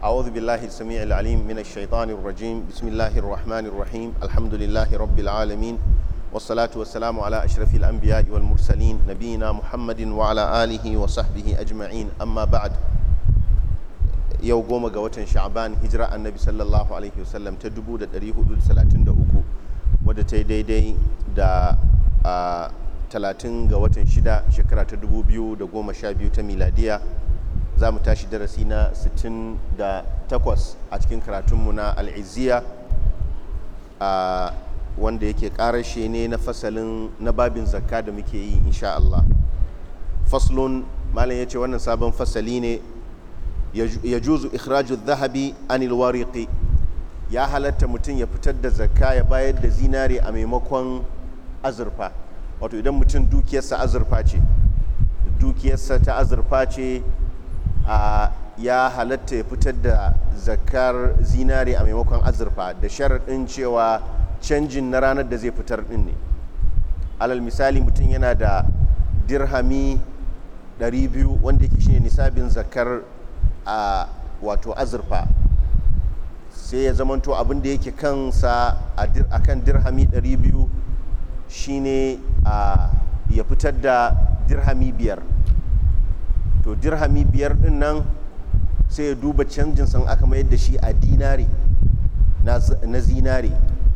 أعوذ بالله السميع العليم من الشيطان الرجيم بسم الله الرحمن الرحيم الحمد لله رب العالمين والصلاة والسلام على أشرف الأنبياء والمرسلين نبينا محمد وعلى آله وصحبه أجمعين أما بعد yau goma ga watan sha'aban hijira annabi sallallahu alaihi wasallam ta 1433 wadda ta yi daidai da talatin ga watan shida shekara ta 2012 ta miladiya za mu tashi darasi na 68 a cikin karatunmu na al'iziya a wanda yake karashe ne na fasalin na babin zakka da muke yi insha Allah faslun malam ya ce wannan sabon fasali ne ya juzu ikhraju zahabi anil wariqi ya halatta mutum ya fitar da zakka ya bayar da zinare a maimakon azurfa wato idan mutum dukiyarsa azurfa ce dukiyarsa ta azurfa ce a ya halatta ya fitar da zakar zinari a maimakon azurfa da sharaɗin cewa canjin na ranar da zai fitar ɗin ne alal misali mutum yana da dirhami 200 wanda yake shine nisabin zakar a wato azurfa sai ya zamanto abin da yake kansa a kan dirhami 200 shine ya fitar da dirhami biyar to dirhami biyar din nan sai ya duba canjin san aka mayar da shi a dinari na zinari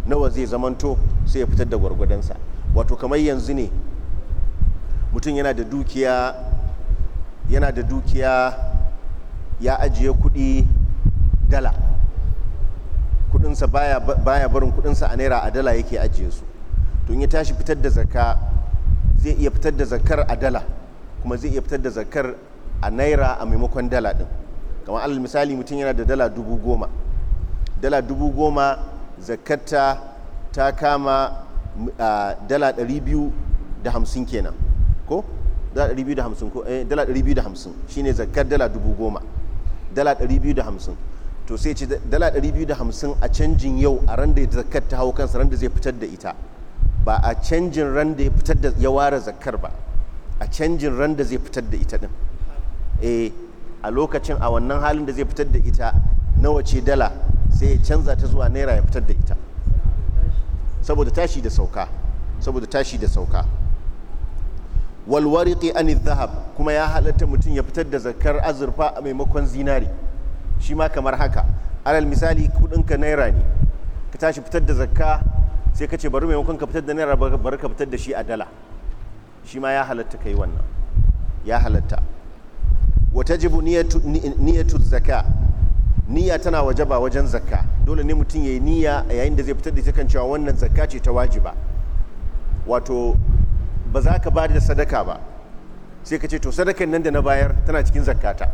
nawa zai zamanto sai ya fitar da gwargwadonsa wato kamar yanzu ne mutum yana da dukiya yana da dukiya ya ajiye kudi dala kudinsa baya, barin kudinsa a naira a dala yake ajiye su in ya tashi fitar da zakka zai iya fitar da zakkar a dala kuma zai iya fitar da zakkar a naira a maimakon dala din kamar alal misali mutum yana da dala dubu goma dala dubu goma zakatta ta kama dala ɗari biyu da hamsin kenan ko dala ɗari biyu da hamsin ko eh dala ɗari biyu da hamsin shine zakkar dala dubu goma dala ɗari biyu da hamsin to sai ce dala ɗari biyu da hamsin a canjin yau a ran da zakar ta hau kansa ran da zai fitar da ita ba a canjin ran da ya fitar da ya ware zakkar ba a canjin ran da zai fitar da ita din E a lokacin a wannan halin da zai fitar da ita na wace dala sai ya canza ta zuwa naira ya fitar da ita saboda tashi da sauka saboda tashi da sauka walwariki an zahab kuma ya halatta mutum ya fitar da zakar azurfa a maimakon zinari shi ma kamar haka alal misali kudinka naira ne ka tashi fitar da zakka sai ka ce bari maimakon ka fitar da naira bari ka fitar da shi a dala shi ma ya halatta ka yi wannan ya halatta watajibu niyatu niyatu zakka niyya tana wajaba wajen zakka dole ne mutum ya yi niyya a yayin da zai fitar da ita kan cewa wannan zakka ce ta wajiba wato ba za ka bada sadaka ba sai ka ce to sadakan nan da na bayar tana cikin zakkata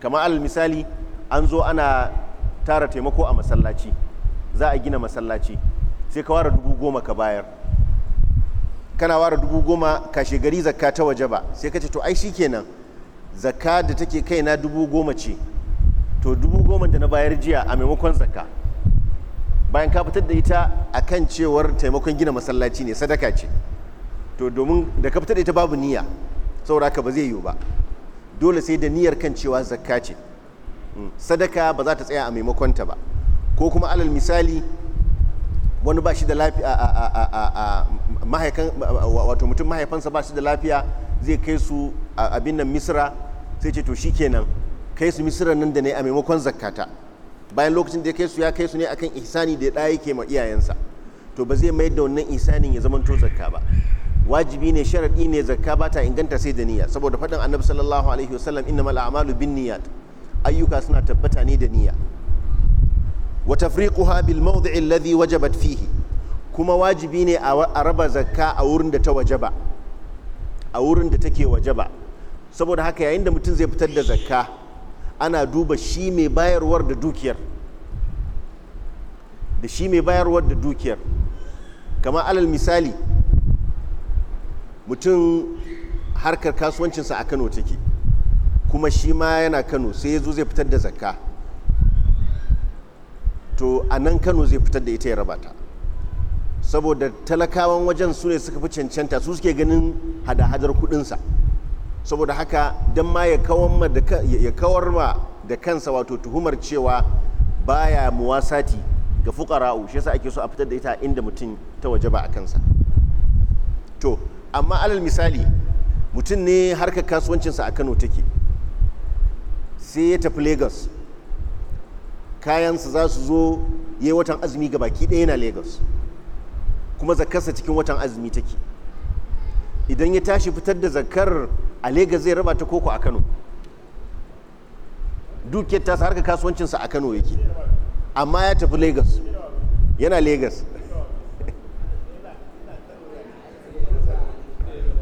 kamar alal misali an zo ana tara taimako a masallaci za a gina masallaci sai ka ware dubu goma ka bayar kana ware dubu goma kashe gari zakka ta waje ba sai ka ce to ai shi shikenan zakka da take kaina dubu goma ce to dubu goma da na bayar jiya a maimakon zaka bayan ka fitar da ita a kan cewar taimakon gina masallaci ne sadaka ce to domin da ka fitar da ita babu niyya saura ka ba zai yiwu ba dole sai da niyyar kan cewa zakka ce hmm, sadaka ba za ta tsaya a maimakonta ba ko kuma alal misali wani ba shi da lafiya wato mutum mahaifansa ba shi da lafiya zai kai su abin nan misira sai ce to shi kenan kai su misira nan da ne a maimakon zakata bayan lokacin da ya kai su ya kai su ne akan ihsani da ɗaya yake ma iyayensa to ba zai mayar da wannan ihsanin ya zamanto zakka ba wajibi ne sharaɗi ne zakka ba ta inganta sai da niyya saboda faɗin annabi sallallahu alaihi wasallam innamal a'malu bin ayyuka suna tabbata ne da niyya wa tafriquha bil mawdi'i alladhi wajabat fihi kuma wajibi ne a raba zakka a wurin da ta wajaba a wurin da take wajaba saboda haka yayin da mutum zai fitar da zakka ana duba shi mai bayarwar da dukiyar da shi mai bayarwar da dukiyar kamar alal misali mutum harkar kasuwancinsa a kano take kuma shi ma yana kano sai ya zo zai fitar da zakka to a nan kano zai fitar da ita ya raba ta saboda talakawan wajen su ne suka fi cancanta su suke ganin hada-hadar kudinsa saboda haka don ma ya kawar ma da kansa wato tuhumar cewa baya muwasati ga fukara'u shi yasa ake so a fitar da ita inda mutum ta waje ba a kansa to amma alal misali mutum ne harkar kasuwancinsa a kano take sai ya tafi lagos kayansa za su zo yi watan azumi ga baki ɗaya na lagos kuma zakarsa cikin watan azumi take idan ya tashi fitar da zakar a lagos zai raba ta koko a kano dukiyar ta harka kasuwancinsa a kano yake amma ya tafi lagos yana lagos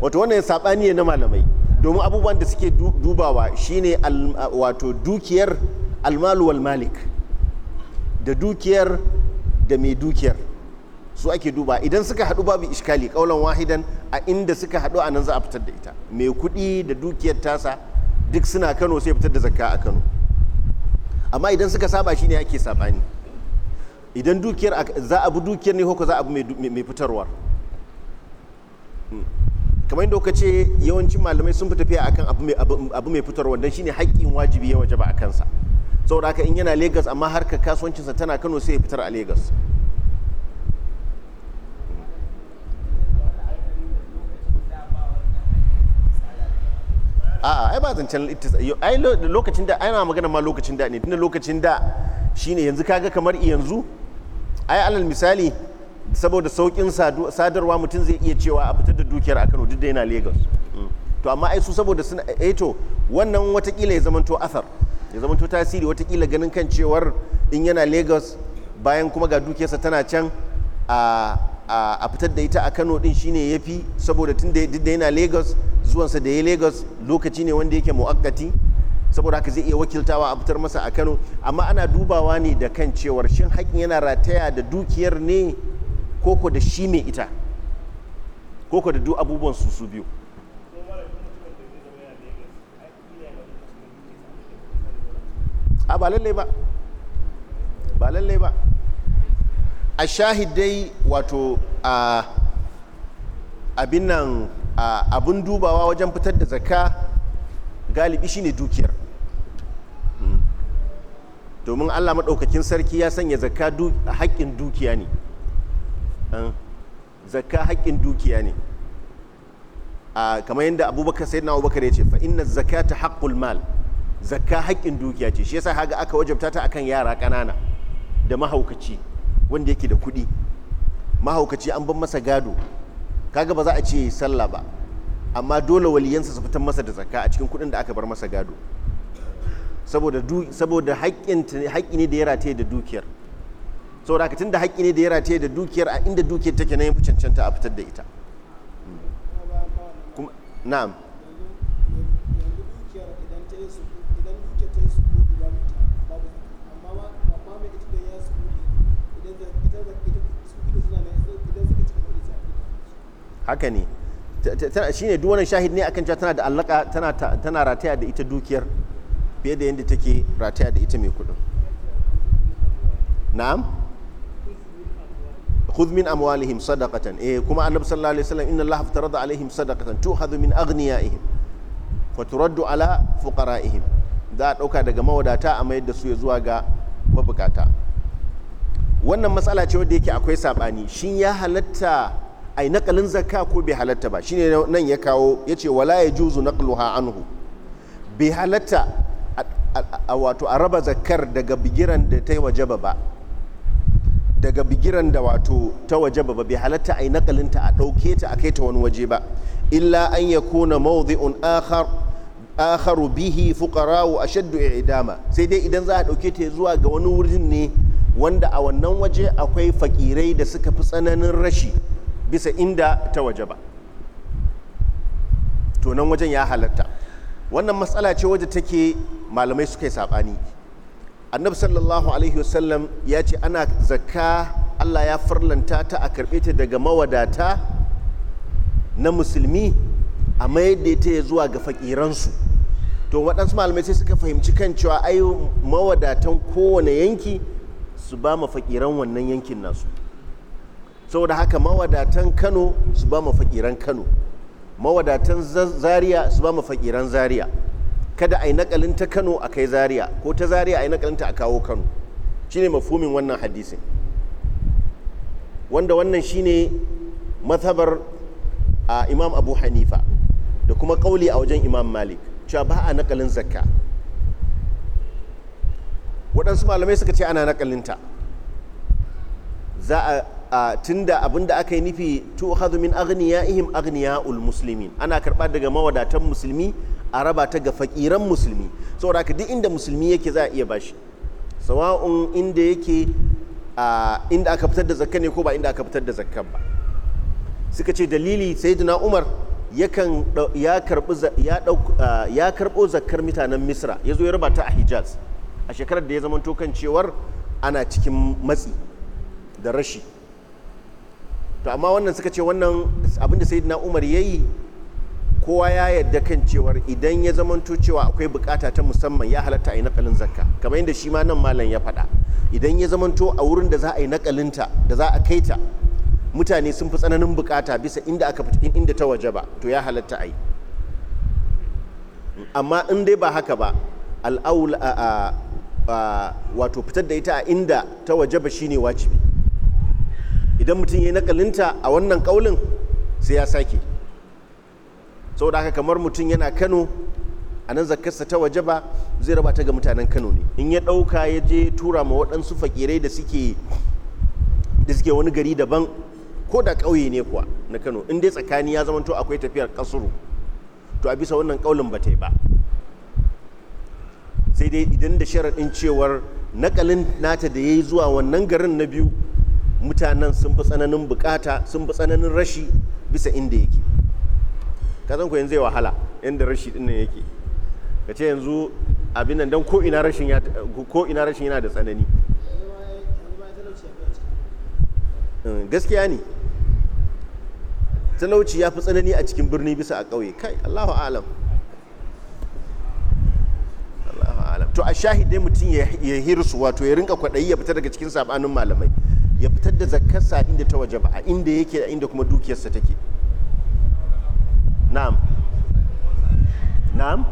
wato wannan saɓani na malamai domin abubuwan da suke dubawa shine wato dukiyar almalu wal malik da dukiyar da mai dukiyar su ake duba idan suka haɗu babu iskali kaulan wahidan a inda suka haɗu a nan za a fitar da ita mai kuɗi da dukiyar tasa duk suna kano sai fitar da zakka a kano amma idan suka saba shi ne ake sabani idan dukiyar za a bi dukiyar ne ko za a bi mai fitarwar hmm. kamar yadda kuka ce yawancin malamai sun fi tafiya akan abu mai fitarwar don shine haƙƙin wajibi ya ba a kansa saboda haka in yana lagos amma harkar kasuwancinsa tana kano sai ya fitar a lagos a'a ai ba zancen ai lokacin da na magana ma lokacin da ne tunda lokacin da shine yanzu kaga kamar yanzu ai alal misali saboda saukin sadarwa mutum zai iya cewa a fitar da dukiyar a Kano duk da yana Lagos mm. to amma ai su saboda suna eh to wannan watakila ya zamanto athar ya zama to tasiri watakila ganin kan cewar in yana lagos bayan kuma ga dukiyarsa tana can a fitar da ita a kano din shine ya fi saboda tun da yana lagos zuwansa da ya lagos lokaci ne wanda yake mu'akkati saboda haka zai iya wakiltawa a fitar masa a kano amma ana dubawa ne da kan cewar shin haƙƙin yana rataya da dukiyar ne koko da shi mai ita koko da duk abubuwan su su biyu a ba lallai ba ba lallai ba a shahidai wato a abin nan abin dubawa wajen fitar da zakka galibi shine dukiyar hmm. domin allah maɗaukakin sarki ya sanya zakka haƙƙin dukiya ne hmm. zakka haƙƙin dukiya ne kamar yadda abubakar sai na abubakar ya ce fa inna zakata haƙƙul mal zakka haƙƙin dukiya ce shi yasa haga aka wajabta ta akan yara ƙanana da mahaukaci wanda yake da kuɗi mahaukaci an ban masa gado kaga ba za a ce sallah ba amma dole waliyansa su fitan masa da zakka a cikin kuɗin da aka bar masa gado saboda saboda haƙƙi ne da ya rataye da dukiyar saboda haka tunda haƙƙi ne da ya rataye da dukiyar a inda dukiyar take na yin cancanta a fitar da ita hmm. na'am haka ne ne duk wannan shahid ne akan cewa tana da allaka tana rataya da ita dukiyar fiye da yadda take rataya da ita mai kudin na'am khudh min amwalihim sadaqatan eh kuma annabi sallallahu alaihi wasallam inna allaha aftarada alaihim sadaqatan tu'khadhu min aghniyaihim wa turaddu ala fuqara'ihim za a dauka daga mawadata a mayar da su zuwa ga mabukata wannan matsala ce wadda yake akwai sabani shin ya halatta ai nakalin zakka ko bai halatta ba shine nan ya kawo ya ce wala ya juzu naqluha anhu bai halatta a wato a raba zakkar daga bigiran da ta yi wajaba ba daga bigiran da wato ta wajaba ba bai halatta ai ta a dauke ta a kai ta wani waje ba illa an ya kona mawdi'un akhar akharu bihi fuqara'u ashaddu i'dama sai dai idan za a dauke ta zuwa ga wani wurin ne wanda a wannan waje akwai fakirai da suka fi tsananin rashi bisa inda ta waje ba to wajen ya halatta wannan matsala ce waje take malamai suka yi saɓani annabi sallallahu alaihi wasallam ya ce ana zakka allah ya farlanta ta a karɓe ta daga mawadata na musulmi a mayar da ta zuwa ga fakiransu to waɗansu malamai sai suka fahimci kan cewa ai mawadatan kowane yanki su ba ma wannan yankin nasu saboda haka mawadatan kano su ba mafakiran kano mawadatan zaria su ba mafakiran zaria kada a yi nakalin ta kano a kai zaria ko ta zaria a yi nakalin ta a kawo kano shine mafumin wannan hadisin wanda wannan shine mazhabar a imam abu hanifa da kuma kauli a wajen imam malik cewa ba a nakalin zakka waɗansu malamai suka ce ana nakalinta za a tunda abin da aka yi nufi tu hadu min agniya ul muslimin ana karba daga mawadatan musulmi a raba ta ga fakiran musulmi saboda haka duk inda musulmi yake za a iya bashi sawa'un inda yake inda aka fitar da zakka ne ko ba inda aka fitar da zakka ba suka ce dalili sayyidina umar yakan ya ya karbo zakkar mutanen misra ya zo ya raba a hijaz a shekarar da ya zama kan ana cikin matsi da rashi to amma wannan suka ce wannan abinda sayyidina umar ya yi kowa ya yarda kan cewar idan ya zamanto cewa akwai bukata ta musamman ya halatta a yi nakalin zakka kamar yadda shi ma nan malam ya faɗa idan ya zamanto a wurin da za a yi nakalinta da za a kai ta mutane sun fi tsananin bukata bisa inda aka inda ta waje ba to ya halatta a yi amma in dai ba haka ba al'aul wato fitar da ita a inda ta waje ba shine wajibi idan mutum ya yi nakalinta a wannan kaulin sai ya sake saboda haka kamar mutum yana kano a nan zakarsa ta waje ba zai raba ta ga mutanen kano ne in ya ɗauka ya je tura ma waɗansu fakirai da suke da suke wani gari daban ko da ƙauye ne kuwa na kano in dai tsakani ya zama to akwai tafiyar kasuru to a bisa wannan ƙaulin ba ta yi ba sai dai idan da sharaɗin cewar nakalin nata da ya yi zuwa wannan garin na biyu mutanen sun fi tsananin bukata sun fi tsananin rashi bisa inda yake kasan ku yanzu zai wahala inda rashi din nan yake ka ce yanzu abin nan don ko ina rashin yana da tsanani hmm, gaskiya ne talauci ya fi tsanani a cikin birni bisa a ƙauye kai allahu alam to a shahidai mutum ya hirsu wato ya rinka kwaɗayi ya fita daga cikin sabanin malamai ya fitar da zakarsa inda ta waje ba inda yake inda kuma dukiyarsa take na'am na'am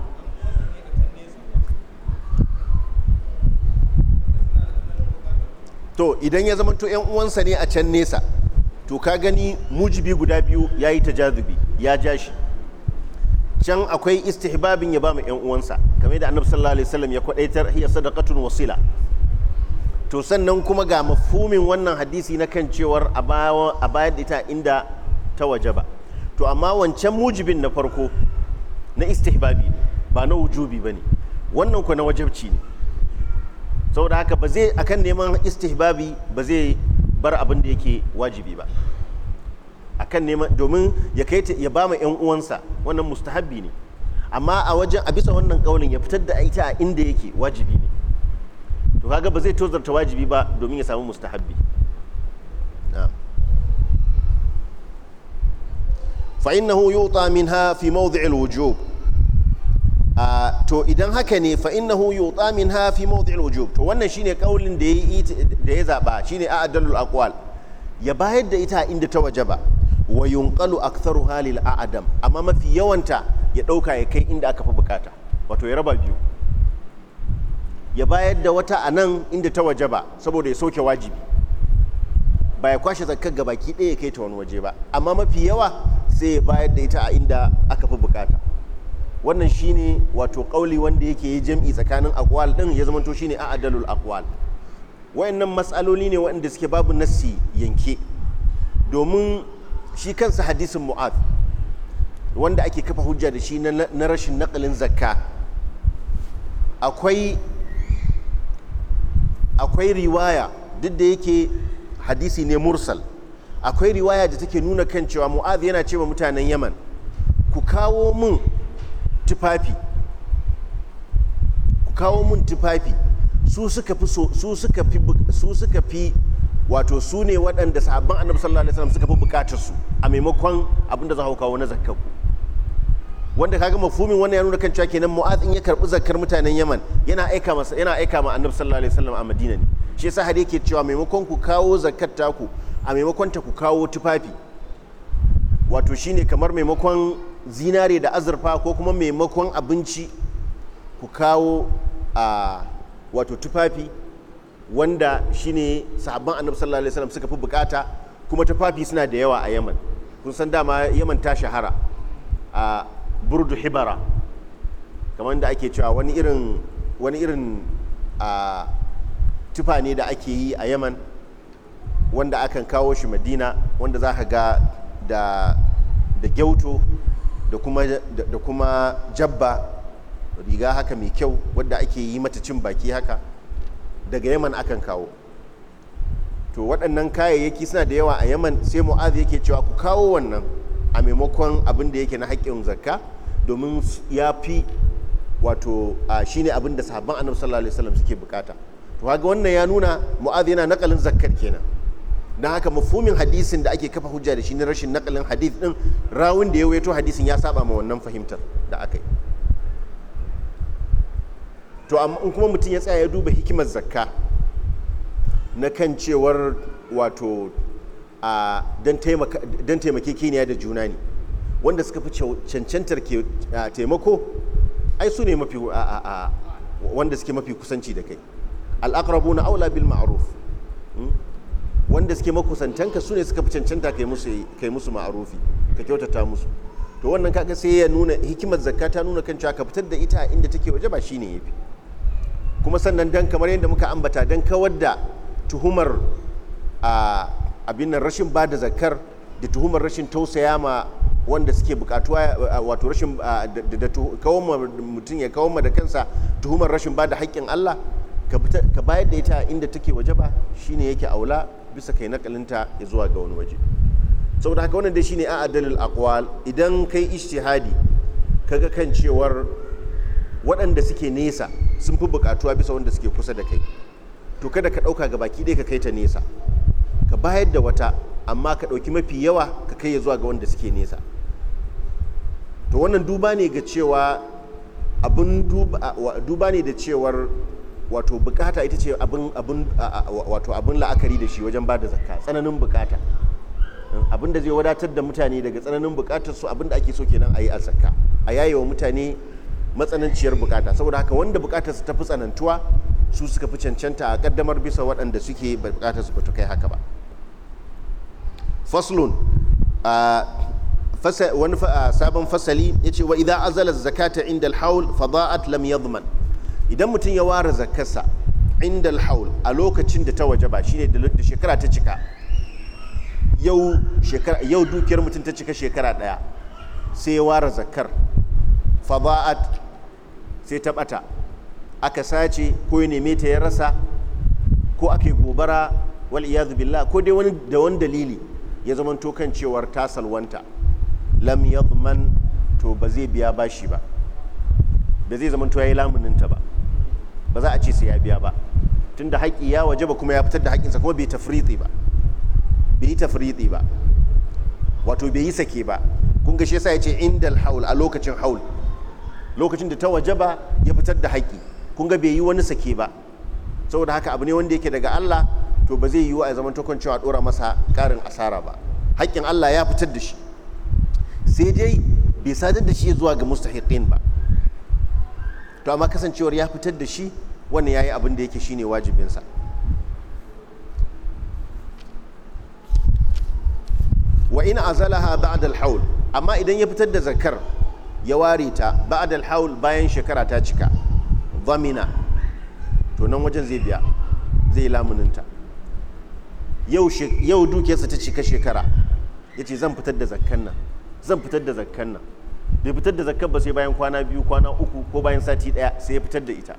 to idan ya zamanto yan uwansa ne a can nesa to ka gani mujibi guda biyu ya yi tajazubi ya ja shi can akwai istihbabin ya ba mu yan uwansa kamar da annabi sallallahu alaihi wasallam ya kwadaitar hiya sadaqatun wasila to sannan kuma ga mafumin wannan hadisi na kan cewar a bayan ita inda ta waje ba to amma wancan mujibin na farko na istihbabi ne ba na wujubi ba ne wannan ku na wajabci ne saboda haka ba zai akan neman istihbabi ba zai bar abin da yake wajibi ba akan neman domin ya kai ya ba ma 'yan uwansa wannan mustahabbi ne amma a wajen a bisa wannan kaunin ya fitar da ita a inda yake wajibi ne to kaga ba zai tozarta wajibi ba domin ya samu mustahabbi فإنه يعطى ha fi موضع الوجوب ah, to idan haka ne fa innahu yuta ha fi mawdi'il wujub to wannan shine kaulin da da ya zaba shine a'dalul akwal ya bayar da ita inda ta ba wa yunqalu aktharuha a a'dam amma mafi yawanta ya dauka ya kai inda aka fi bukata wato ya raba biyu ya bayar da wata a nan inda ta waje ba saboda ya soke wajibi ba ya kwashe zakkar gabaki ɗaya ya kai ta wani waje ba amma mafi yawa sai ya bayar da ita a inda aka fi bukata wannan shine wato kauli wanda yake yi jam'i tsakanin akwal din ya zamanto shine a adalul akwal wayannan matsaloli ne waɗanda suke babu nassi yanke domin shi kansa hadisin mu'ad wanda ake kafa hujja da shi na rashin naƙalin zakka akwai akwai riwaya duk da yake hadisi ne mursal akwai riwaya da take nuna kan cewa mu'az yana cewa mutanen yaman ku kawo mun tufafi ku kawo mun tufafi su suka fi su suka fi su suka fi wato su ne waɗanda sahabban annabi sallallahu alaihi wasallam suka fi bukatar su a maimakon abinda za ku kawo na zakkaku wanda kaga mafumin wannan ya nuna kan cewa kenan mu'az in ya karbi zakar mutanen yaman yana aika masa yana aika ma annabi sallallahu alaihi wasallam a madina ne shi yasa hadisi yake cewa maimakon ku kawo zakat taku a maimakon ta ku kawo tufafi wato shine kamar maimakon zinare da azurfa ko kuma maimakon abinci ku kawo a wato tufafi wanda shine sahabban annabi sallallahu alaihi wasallam suka fi bukata kuma tufafi suna da yawa a yaman kun san dama yaman ta shahara a burdu hibara kamar da ake cewa wani irin wani irin a tufa ne da ake yi a yaman wanda akan kawo shi madina wanda za ka ga da da gyauto da kuma da jabba riga haka mai kyau wadda ake yi mata cin baki haka daga yaman akan kawo to waɗannan kayayyaki suna da yawa a yaman sai mu'az yake cewa ku kawo wannan a maimakon abin da yake na haƙƙin zakka domin ya fi wato shi ne abin da sahabban annabi sallallahu alaihi wasallam suke bukata to haka wannan ya nuna mu'adh yana nakalin zakkar kenan dan haka mafumin hadisin da ake kafa hujja da shi ne rashin nakalin hadis din rawun da ya waito hadisin ya saba ma wannan fahimtar da aka yi to amma in kuma mutum ya tsaya ya duba hikimar zakka na kan cewar wato don taimake kiniya da juna ne wanda suka fi cancantar taimako ai su ne mafi wanda suke mafi kusanci da kai al'aqrabu na aula bil ma'ruf hmm? wanda suke makusantanka su ne suka fi cancanta kai musu kai ka kyautata musu to wannan kaga sai ya nuna hikimar zakka ta nuna kan cewa ka fitar da ita inda take waje ba shine yafi kuma sannan dan kamar yadda muka ambata dan kawar da tuhumar a abin nan rashin ba da zakar da tuhumar rashin tausaya ma wanda suke bukatuwa eh, wato rashin eh, da kawo ma mutum ya kawo ma da kansa tuhumar rashin ba da haƙƙin Allah ka bayar da ita inda take waje ba shine yake aula bisa kai nakalinta ya zuwa ga wani waje saboda haka wannan dai shine a aqwal idan kai ijtihadi kaga kan cewar waɗanda suke nesa sun fi bukatuwa bisa wanda suke kusa da kai to kada ka ɗauka ga baki daya ka kai ta nesa ka bayar da wata amma ka ɗauki mafi yawa ka kai ya zuwa ga wanda suke nesa to wannan duba ne ga cewa abin duba ne da cewar wato bukata ita ce abin la'akari da shi wajen ba da zakka tsananin bukata abin da zai wadatar da mutane daga tsananin bukatar su abin da ake so kenan a yi a zakka a mutane matsananciyar bukata saboda haka wanda bukatar su tafi tsanantuwa su suka fi cancanta a kaddamar bisa waɗanda suke bukatar su ba ta kai haka ba faslun wani sabon fasali ya ce wa idan azalar zakata inda alhaul fada'at lam yadman idan mutum ya ware zakasa inda alhaul a lokacin da ta waje ba shine da shekara ta cika yau dukiyar mutum ta cika shekara daya sai ya ware zakar fada'at sai ta bata aka sace ko ya neme ta ya rasa ko ake gobara wal iyadu billah ko dai wani da wani dalili ya zama kan cewar ta salwanta lam yadman to ba zai biya bashi ba ba zai zama to yayi lamuninta ba ba za a ce sai ya biya ba tunda haƙi ya waje ba kuma ya fitar da haƙinsa kuma bai tafriti ba bai yi tafriti ba wato bai yi sake ba kun ga shi yasa ya ce indal haul a lokacin haul lokacin da ta waje ba ya fitar da haƙi kun ga bai yi wani sake ba saboda haka abu ne wanda yake daga Allah to ba zai yiwu a zaman tokon cewa dora masa karin asara ba haƙƙin Allah ya fitar da shi sai dai bai sadar da shi zuwa ga mustahiqin ba to amma kasancewar ya fitar da shi wannan yayi abin da yake shine wajibinsa wa in azalaha ba'da al-haul amma idan ya fitar da zakar ya ware ta ba'da al-haul bayan shekara ta cika zamina to nan wajen zai biya zai lamuninta yau dukiyarsa ta cika shekara ya ce zan fitar da zakkan nan zan fitar da zakkan nan bai fitar da zakkan ba sai bayan kwana biyu kwana uku ko bayan sati daya sai ya fitar da ita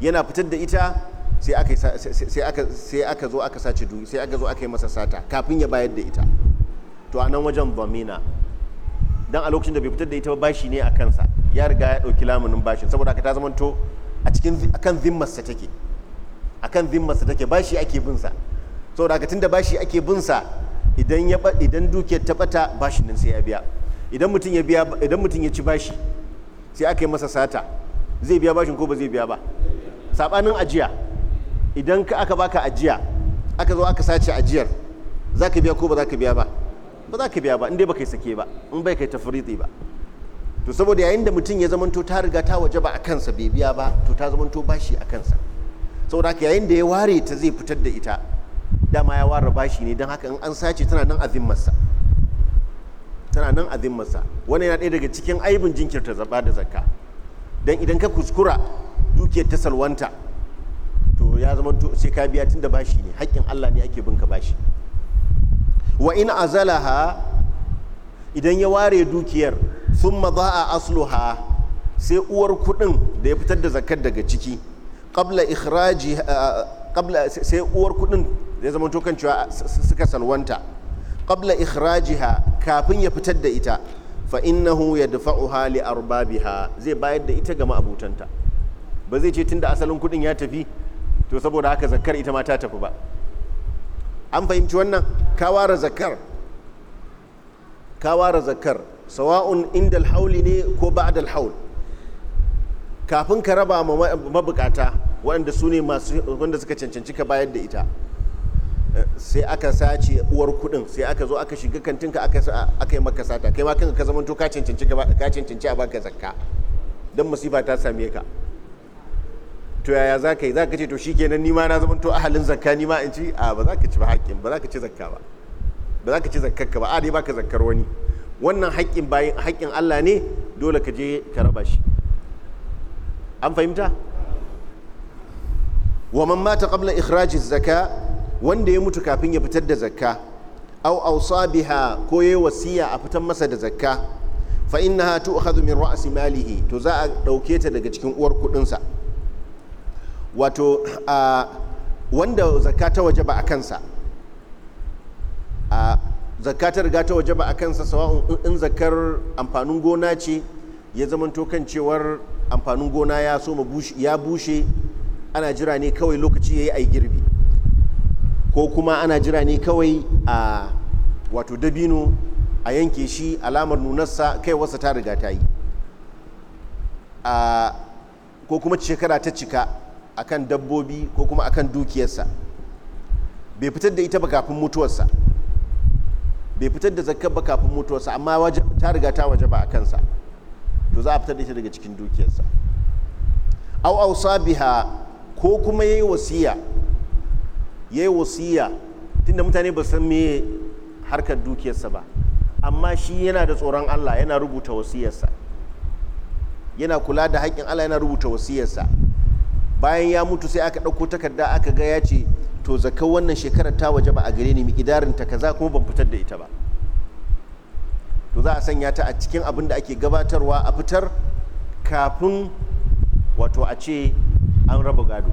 yana fitar da ita sai aka sai aka zo aka sace duki sai aka zo aka yi masa sata kafin ya bayar da ita to a nan wajen bamina dan a lokacin da bai fitar da ita ba bashi ne a kansa ya riga ya dauki lamunin bashin saboda aka ta zamanto a cikin akan zimmarsa take akan zimmarsa take bashi ake bin sa saboda haka tunda bashi ake bin sa idan ya idan dukiyar ta bata bashin nan sai ya biya idan mutum ya biya idan mutum ya ci bashi sai aka yi masa sata zai biya bashin ko ba zai biya ba sabanin ajiya idan ka aka baka ajiya aka zo aka sace ajiyar za ka biya ko ba za ka biya ba ba za ka biya ba in dai ba kai sake ba in bai kai tafriti ba to saboda yayin da mutum ya zamanto ta riga ta waje ba a kansa bai biya ba to ta zamanto bashi a kansa saboda yayin da ya ware ta zai fitar da ita dama ya ware bashi ne don haka an sace tana nan zimmarsa tana nan zimmarsa wani yana ɗaya daga cikin aibin jinkirta zaba da zakka don idan ka kuskura dukiyar ta salwanta to ya zama sai ka biya tun da bashi ne haƙƙin allah ne ake binka bashi wa in azalaha idan ya ware dukiyar sun maza a asluha sai uwar kuɗin da ya fitar da zakkar daga ciki qabla ikhraji ah, qabla sai uwar kudin ya zama tokan cewa suka salwanta qabla ikhrajiha kafin ya fitar da ita fa innahu yadfa'uha li arbabiha zai bayar da ita ga ma'abutanta ba zai ce tunda asalin kudin ya tafi to saboda haka zakkar ita ma ta tafi ba an fahimci wannan ka ware zakkar ka ware zakkar sawa'un inda alhauli ne ko ba'dal haul kafin ka raba ma mabukata waɗanda su ne masu wanda suka cancanci ka bayar da ita eh, sai aka sace uwar kuɗin sai aka zo aka shiga kantinka aka yi maka sata kai ma kanka ka to ka cancanci ka cancanci a baka zakka don masifa ta same ka to yaya za ka yi za ka ce to shi ni nima na to ahalin zakka nima in ci a ba za ka ci ba haƙƙin ba za ka ci zakka ba ba za ka ci zakkar ka ba a dai baka zakkar wani wannan haƙƙin bayan haƙƙin Allah ne dole ka je ka raba shi an fahimta wa man mata qabla ikhrajiz zaka wanda ya mutu kafin ya fitar da zakka aw awsa biha ko yayi wasiya a fitar masa da zakka fa innaha tu'khadhu min ra'si malihi to za a dauke ta daga cikin uwar kudin sa wato wanda zakka ta wajaba a kansa a zakka ta riga ta wajaba a kansa sawa'un in zakkar amfanin gona ce ya zamanto kan cewar amfanin gona ya so ya bushe ana jira ne kawai lokaci ya yi a girbi ko kuma ana jira ne kawai a wato dabino a yanke shi alamar nunarsa kai wasa ta riga ta yi ko kuma shekara ta cika akan dabbobi ko kuma akan dukiyarsa bai fitar da ita ba kafin mutuwarsa bai fitar da zakka ba kafin mutuwarsa amma ta riga ta waje ba a kansa to za a fitar da ita daga cikin dukiyarsa au au sabiha ko kuma ya yi wasiya ya yi wasiya tunda mutane ba san me harkar dukiyarsa ba amma shi yana da tsoron Allah yana rubuta wasiyarsa yana kula da haƙƙin Allah yana rubuta wasiyarsa bayan ya mutu sai aka ɗauko takarda aka ga ya ce to zaka wannan shekarar ta waje ba a gare ni miƙidarin ta kaza kuma ban fitar da ita ba to za a sanya ta a cikin abin da ake gabatarwa a fitar kafin wato a ce an raba gado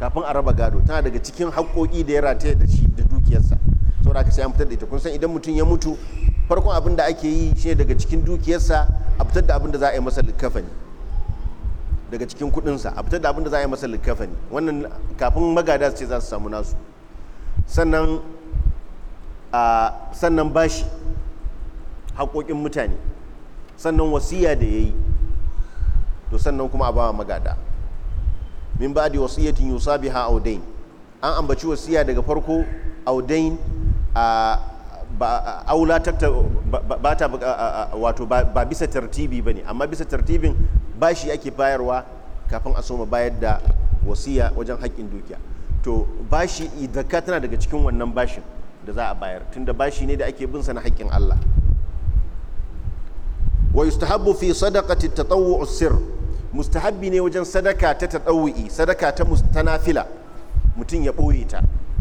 kafin a raba gado tana daga cikin haƙoƙi da ya rataya da shi da dukiyarsa saboda aka sai an fitar da ita kun san idan mutum ya mutu farkon abin da ake yi shi ne daga cikin dukiyarsa a fitar da abin da za a yi masa likafani daga cikin kudinsa a fitar da abin da za a yi masa likafani wannan kafin magada su ce za su samu nasu sannan a sannan bashi haƙoƙin mutane sannan wasiya da ya yi to sannan kuma a ba magada min ba da wasiyyatin yusa biha ha audain an ambaci wasiya daga farko audain a ba aula ta ba ta wato ba bisa tartibi bane amma bisa tartibin bashi ake bayarwa kafin a soma bayar da wasiya wajen haƙƙin dukiya to bashi zakka tana daga cikin wannan bashin da za a bayar tunda bashi ne da ake bin sa na haƙƙin Allah wa yustahabbu fi sadaqati tatawwu sirr mustahabbi ne wajen sadaka ta taɗawu'i sadaka ta tanafila mutum ya ɓoye ta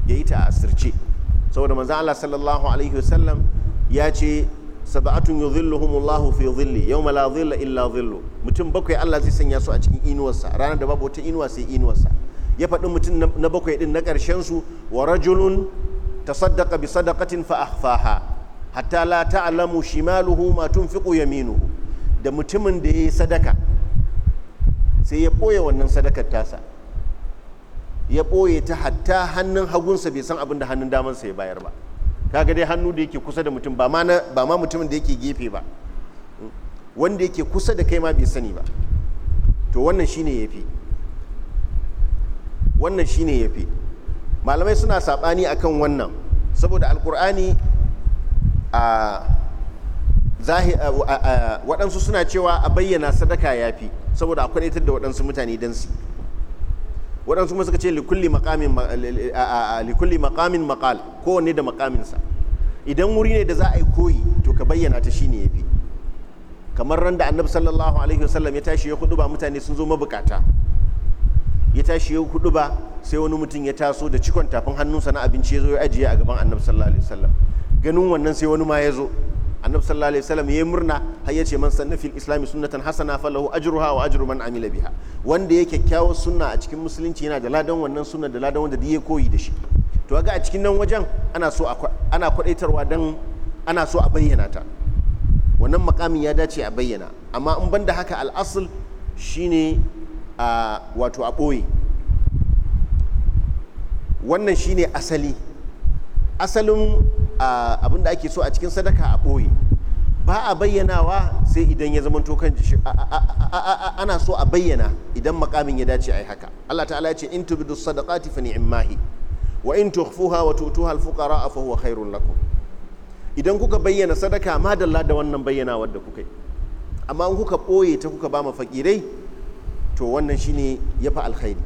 ya yi ta a asirce saboda manzan Allah sallallahu alaihi wasallam ya ce sab'atun yudhilluhumullahu fi dhilli yawma la zilla illa zillu mutum bakwai Allah zai sanya su a cikin inuwarsa ranar da babu wata inuwa sai inuwarsa ya faɗi mutum na bakwai din na ƙarshen su wa rajulun tasaddaqa bi sadaqatin fa akhfaha hatta la ta'lamu shimaluhu ma tunfiqu yaminuhu da mutumin da yayi sadaka sai ya ɓoye wannan sadakar tasa ya ɓoye ta hatta hannun hagunsa bai san abin da hannun damansa ya bayar ba kaga dai hannu da yake kusa da mutum ba ma mutumin da yake gefe ba wanda yake kusa da kai ma bai sani ba to wannan shine yafi wannan shine yafi malamai suna saɓani akan wannan saboda alkur'ani a waɗansu suna cewa a bayyana sadaka ya fi saboda a kwadatar da waɗansu mutane don su waɗansu kuma suka ce likulli makamin makal kowanne da makaminsa idan wuri ne da za a yi koyi to ka bayyana ta shi ne ya fi kamar ran da annabi sallallahu alaihi wasallam ya tashi ya hudu ba mutane sun zo mabukata ya tashi ya hudu ba sai wani mutum ya taso da cikon tafin hannunsa na abinci ya zo ya ajiye a gaban annabi sallallahu alaihi wasallam ganin wannan sai wani ma ya zo annabi sallallahu alaihi wasallam yayi murna har yace man sanna fil islami sunnatan hasana falahu ajruha wa ajru man amila biha wanda yake kyakkyawar sunna a cikin musulunci yana da ladan wannan sunna da ladan wanda ya koyi da shi to ga a cikin nan wajen ana so ana kwadaitarwa dan ana so a bayyana ta wannan makamin ya dace a bayyana amma in banda da haka al'asul shine a wato a ɓoye wannan shine asali asalin abin da ake so a cikin sadaka a ɓoye ba a bayyanawa sai idan ya zama tokan jishi ana so a bayyana idan makamin ya dace a yi haka Allah ta'ala ya ce in tubidu sadaqati fa ni'mahi wa in tukhfuha wa tutuha al-fuqara fa huwa khairun lakum idan kuka bayyana sadaka ma da wannan bayyanawar da kuka yi amma in kuka ɓoye ta kuka ba ma fakirai to wannan shine ya fa alkhairi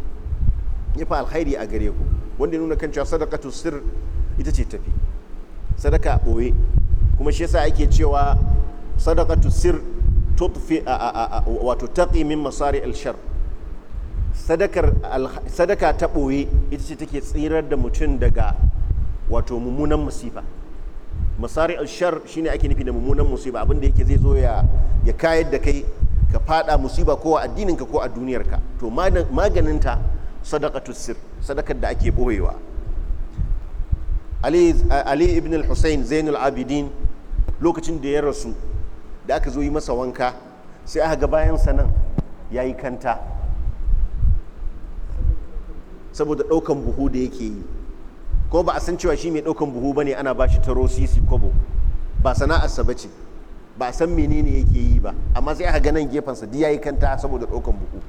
ya fa alkhairi a gare ku wanda nuna kan cewa sadaqatu sir ita ce tafi sadaka a ɓoye kuma shi yasa ake cewa sadaqatu sir tutfi wato taqi min masari al-shar sadaka ta ɓoye ita ce take tsirar da mutum daga wato mummunan masifa masari al-shar shine ake nufi da mummunan musiba abin da yake zai zo ya ya kayar da kai ka fada musiba ko a addininka ko a duniyarka to maganinta ta sir sadakar da ake ɓoyewa ali ibn al-hussein zainul abidin lokacin da ya rasu da aka zo yi masa wanka sai aka ga bayansa nan ya yi kanta saboda ɗaukan buhu da yake yi ko ba a san cewa shi mai ɗaukan buhu ba ana ba shi taro sisi kobo ba sana'arsa ba ce ba a san menene yake yi ba amma sai aka ga nan sa duk ya yi kanta saboda ɗaukan buhu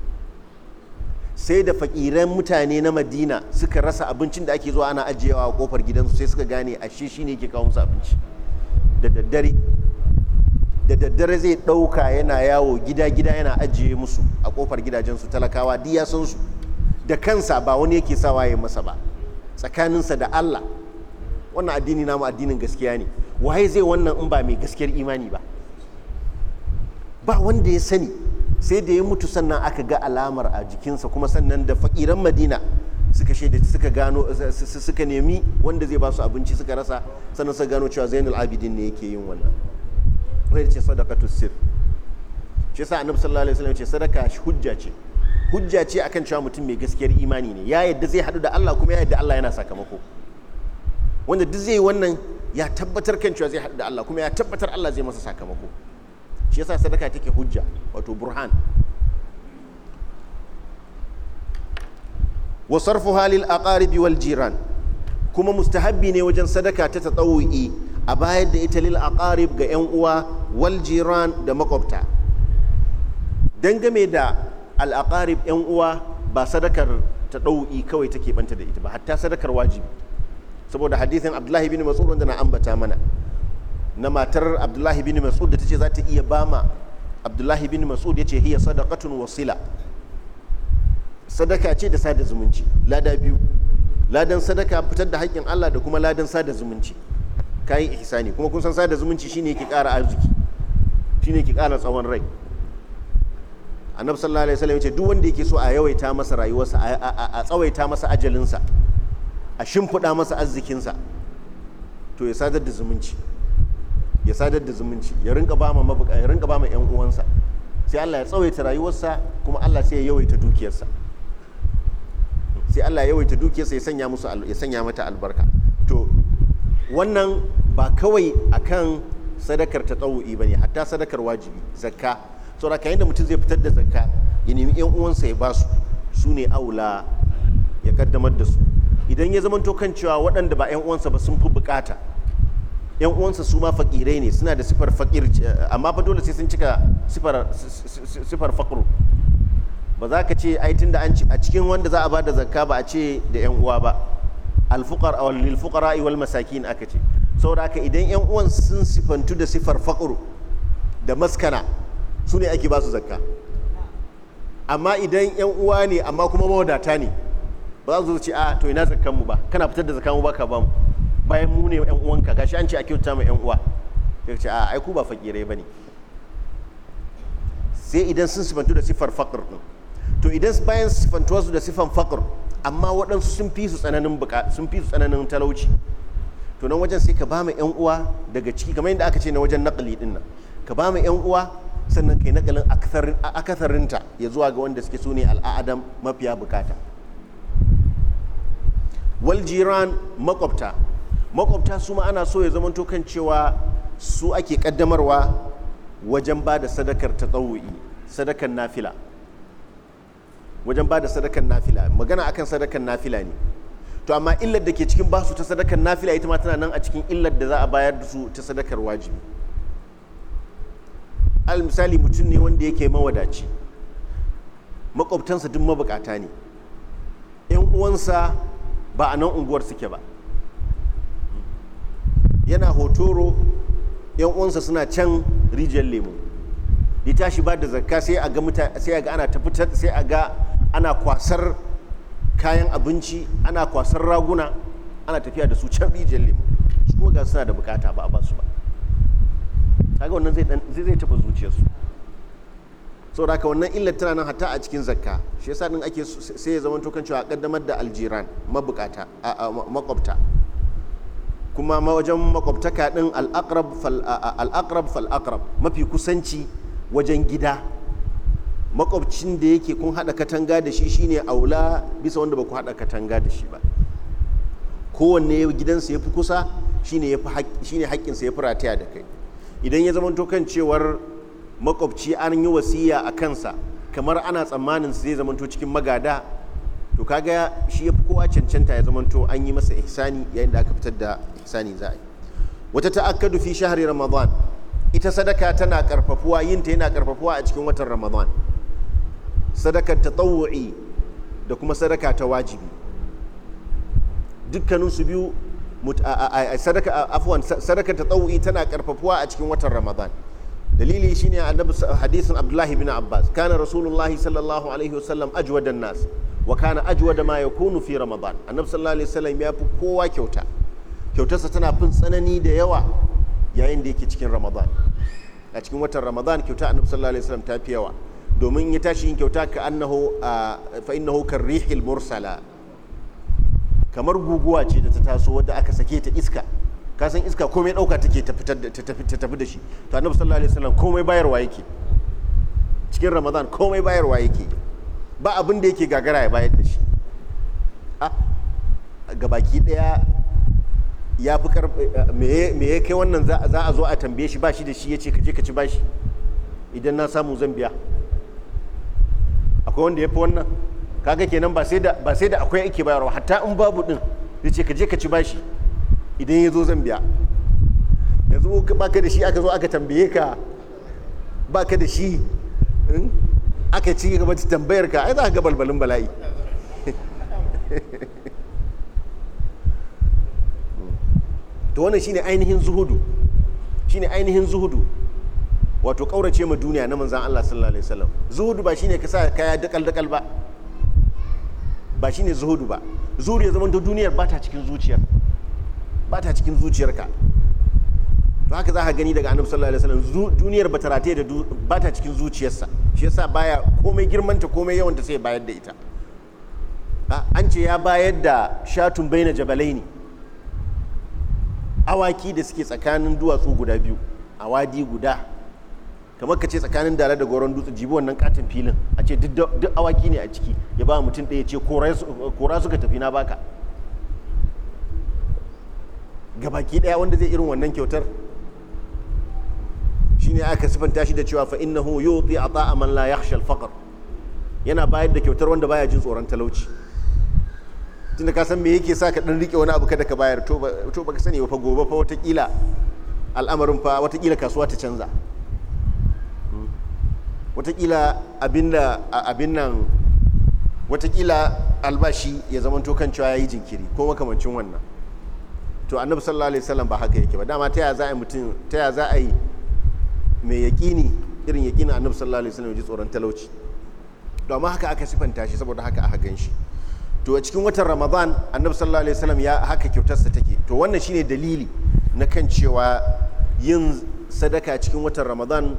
sai da fakiran mutane na madina suka rasa abincin da ake zuwa ana ajiyewa a kofar gidansu sai suka gane ashe shi ne ke kawo musu abinci da daddare da daddare zai ɗauka yana yawo gida-gida yana ajiye musu a kofar gidajensu talakawa duk ya san su da kansa ba wani yake sawa ya masa ba tsakaninsa da allah wannan addini namu addinin gaskiya ne waye zai wannan in ba mai gaskiyar imani ba ba wanda ya sani sai da ya mutu sannan aka ga alamar a jikinsa kuma sannan da fakiran madina suka shaida suka gano suka nemi wanda zai ba su abinci suka rasa sannan suka gano cewa zainul abidin ne yake yin wannan da ce sadaqatu sir shi yasa annabi sallallahu alaihi wasallam ce sadaka hujja ce hujja ce akan cewa mutum mai gaskiyar imani ne ya yadda zai hadu da Allah kuma ya yadda Allah yana sakamako wanda duk zai yi wannan ya tabbatar kan cewa zai hadu da Allah kuma ya tabbatar Allah zai masa sakamako shi yasa sadaka take hujja wato burhan wa sarfuha lil aqaribi wal jiran kuma mustahabbi ne wajen sadaka ta tatawu'i a bayar da ita lil aqarib ga yan uwa wal jiran da makwabta dangame da al aqarib yan uwa ba sadakar ta tatawu'i kawai take banta da ita ba hatta sadakar wajibi saboda hadisin abdullahi bin mas'ud wanda na ambata mana na matar abdullahi bin mas'ud da ta ce za ta iya bama abdullahi bin mas'ud ya ce hiya sadaqatun wasila sadaka ce da sada zumunci lada biyu ladan sadaka fitar da haƙƙin Allah da kuma ladan sada zumunci kayi ihsani kuma kun san sada zumunci shine yake ƙara arziki shine yake ƙara tsawon rai annabi sallallahu alaihi wasallam yace duk wanda yake so a yawaita masa rayuwarsa a tsawaita masa ajalinsa a shimfiɗa masa arzikinsa to ya sadar da zumunci ya sadar da zumunci ya rinka ba ma mabuka ya rinka ba ma yan uwansa sai Allah ya tsawaita rayuwarsa kuma Allah sai ya yawaita dukiyarsa sai Allah ya yawaita dukiyarsa ya sanya musu ya sanya mata albarka to wannan ba kawai akan sadakar ta tsawo'i bane hatta sadakar wajibi zakka saboda kayan da mutum zai fitar da zakka ya nemi yan uwansa ya basu su ne aula ya kaddamar da su idan ya zamanto kan cewa waɗanda ba yan uwansa ba sun fi bukata yan uwansa su ma fakirai ne suna da sifar fakir eh, amma ba dole sai sun cika sifar fakru ba za ka ce ai tunda an a cikin wanda za a ba da zakka ba a ce da yan uwa ba alfuqar aw lil fuqara wal masakin aka ce saboda haka idan yan uwan sun sifantu da sifar fakru da maskana su ne ake ba su zakka amma idan yan uwa ne amma kuma mawadata ne ba za su ce a ah, to ina zakkan mu ba kana fitar da zakkan mu ba ka ba mu bayan mu ne yan uwanka gashi an ce a kyauta ma yan uwa ya ce a ai ku ba fakirai bane sai idan sun sifantu da sifar fakir din to idan bayan sifantuwa su da sifan fakir amma waɗansu sun fi su tsananin buka sun fi su tsananin talauci to nan wajen sai ka ba mu yan uwa daga ciki kamar yadda aka ce na wajen naƙali din nan ka ba mu yan uwa sannan kai nakalin akasarinta ya zuwa ga wanda suke sune al'adam mafiya bukata wal jiran makwabta makwabta su ma ana so ya zama kan cewa su ake kaddamarwa wajen ba da sadakar tsawo'i sadakar nafila wajen ba da sadakar nafila magana akan sadakar nafila ne to amma illar da ke cikin basu ta sadakar nafila ita ma tana nan a cikin illar da za a bayar da su ta sadakar wajibi al misali mutum ne wanda yake mawadaci makwabtansa duk mabukata ne 'yan uwansa ba a nan unguwar suke ba yana hotoro yan uwansa suna can rijiyar lemu ya tashi ba da zakka sai a ga sai a ga ana ta fitar sai a ga ana kwasar kayan abinci ana kwasar raguna ana tafiya da su can rijiyar lemu su kuma ga suna da bukata ba a ba su ba kaga wannan zai zai zai taba zuciyarsu saboda haka wannan illar tana nan hatta a cikin zakka shi yasa din ake sai ya zama to kan cewa kaddamar da aljiran mabukata a makwabta kuma wajen makwabtaka ɗin al'akrab fal'akrab mafi kusanci wajen gida makwabcin da yake kun haɗa katanga da shi shine aula bisa wanda ba ku haɗa katanga da shi ba kowanne gidansa ya fi kusa shi ne haƙƙinsa ya fi rataya da kai idan ya zama kan cewar makwabci an yi wasiya a kansa kamar ana tsammanin zai zama cikin magada to kaga shi ya fi kowa cancanta ya zamanto an yi masa ihsani yayin da aka fitar da ihsani za a yi wata ta'akkadu fi shahri ramadan ita sadaka tana karfafuwa yin ta yana karfafuwa a cikin watan ramadan sadakar tatawu'i da kuma sadaka ta wajibi dukkanin su biyu sadaka afwan sadakar tatawu'i tana karfafuwa a cikin watan ramadan dalili shine annabi hadisin abdullahi bin abbas kana rasulullahi sallallahu alaihi wasallam ajwadan nas wa kana da ma yakunu fi ramadan annabi sallallahu alaihi wasallam ya fi kowa kyauta kyautarsa tana fin tsanani da yawa yayin da yake cikin ramadan a cikin watan ramadan kyauta annabi sallallahu alaihi wasallam ta fi yawa domin ya tashi yin kyauta ka annahu fa innahu karrihil mursala kamar guguwa ce da ta taso wadda aka sake ta iska ka san iska komai dauka take ta fitar da ta tafi da shi to annabi sallallahu alaihi wasallam komai bayarwa yake cikin ramadan komai bayarwa yake ba abin da yake gagara ya bayar da shi ga baki daya ya fi me ya kai wannan za a zo a tambaye shi ba shi da shi ya ce kaje ka ci ba shi idan na samu zan biya akwai wanda ya fi wannan kaga kenan ba sai da akwai ake bayarwa hatta in babu din ya ce kaje ka ci ba shi idan ya zo zan biya yanzu ba ka da shi aka zo aka tambaye ka ba ka da shi hmm? aka ci gaba da tambayar ka ai za ka ga balbalin bala'i to wannan shine ainihin zuhudu shine ainihin zuhudu wato kaurace ma duniya na manzan Allah sallallahu alaihi wasallam zuhudu ba shine ka sa kaya dakal dakal ba ba shine zuhudu ba zuhudu ya zama duniyar ba ta cikin zuciyar ba ta cikin zuciyarka za haka za ka gani daga annabi sallallahu alaihi wasallam duniyar bata rataye da ta cikin zuciyarsa shi yasa baya komai girmanta komai yawanta sai bayar da ita an ce ya bayar da shatun baina jabalai ne awaki da suke tsakanin duwatsu guda biyu a wadi guda kamar ka ce tsakanin dala da goron dutse jibi wannan katin filin a ce duk awaki ne a ciki ya ba mutum ɗaya ce kora suka tafi na baka gabaki ɗaya wanda zai irin wannan kyautar shine aka sifanta shi da cewa fa innahu yuti ata'a man la yakhsha al-faqr yana bayar da kyautar wanda baya jin tsoron talauci tunda ka san me yake sa ka dan rike wani abu kada ka bayar to to ka sani fa gobe fa watakila al'amarin fa watakila kasuwa ta canza watakila abinda abin nan watakila albashi ya to kan cewa yayi jinkiri ko makamancin wannan to annabi sallallahu alaihi wasallam ba haka yake ba dama ta ya za a mutum ta ya za a yi mai yaƙini irin yaƙini annabi sallallahu alaihi wasallam ji tsoron talauci to haka aka sifanta shi saboda haka aka gan shi to a cikin watan ramadan annabi sallallahu alaihi wasallam ya haka kyautarsa take to wannan shine dalili na kan cewa yin sadaka cikin watan ramadan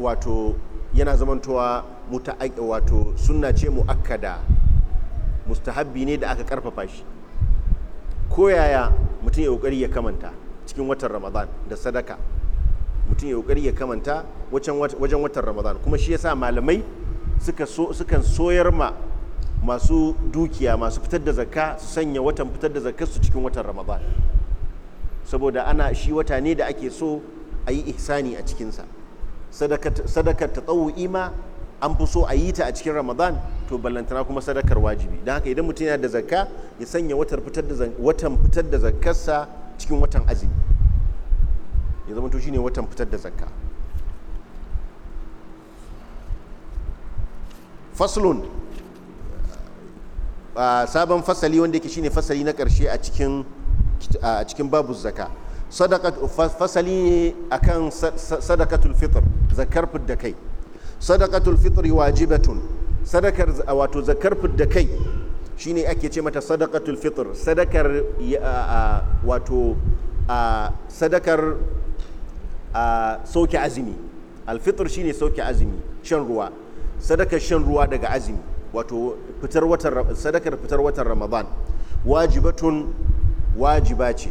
wato yana zamantowa muta wato sunna ce muakkada mustahabbi ne da aka karfafa shi ko yaya mutum ya kokari ya kamanta cikin watan ramadan da sadaka mutum ya ya kamanta wajen watan ramadan kuma shi yasa malamai suka sukan soyar ma masu dukiya masu fitar da zakka su sanya watan fitar da zakkar su cikin watan ramadan saboda ana shi wata ne da ake so a yi ihsani a cikinsa sadakar ta tsawo ima an fi so a yi ta a cikin ramadan to ballantana kuma sadakar wajibi don haka idan mutum yana da zakka ya sanya watan fitar da zakkarsa cikin watan azumi ya zama to shine watan fitar da zakka faslun uh, sabon fasali wanda yake shine fasali na karshe a cikin a cikin babu zakka fasali ne akan sadakatul fitr zakar fidda kai sadakatul fitri wajibatun sadakar wato zakar fidda kai shine ake ce mata sadakatul fitr sadakar wato sadakar a soke azumi alfitr shine soke azumi shan ruwa sadakar shan ruwa daga azumi wato sadakar fitar watan ramadan wajibatun wajiba ce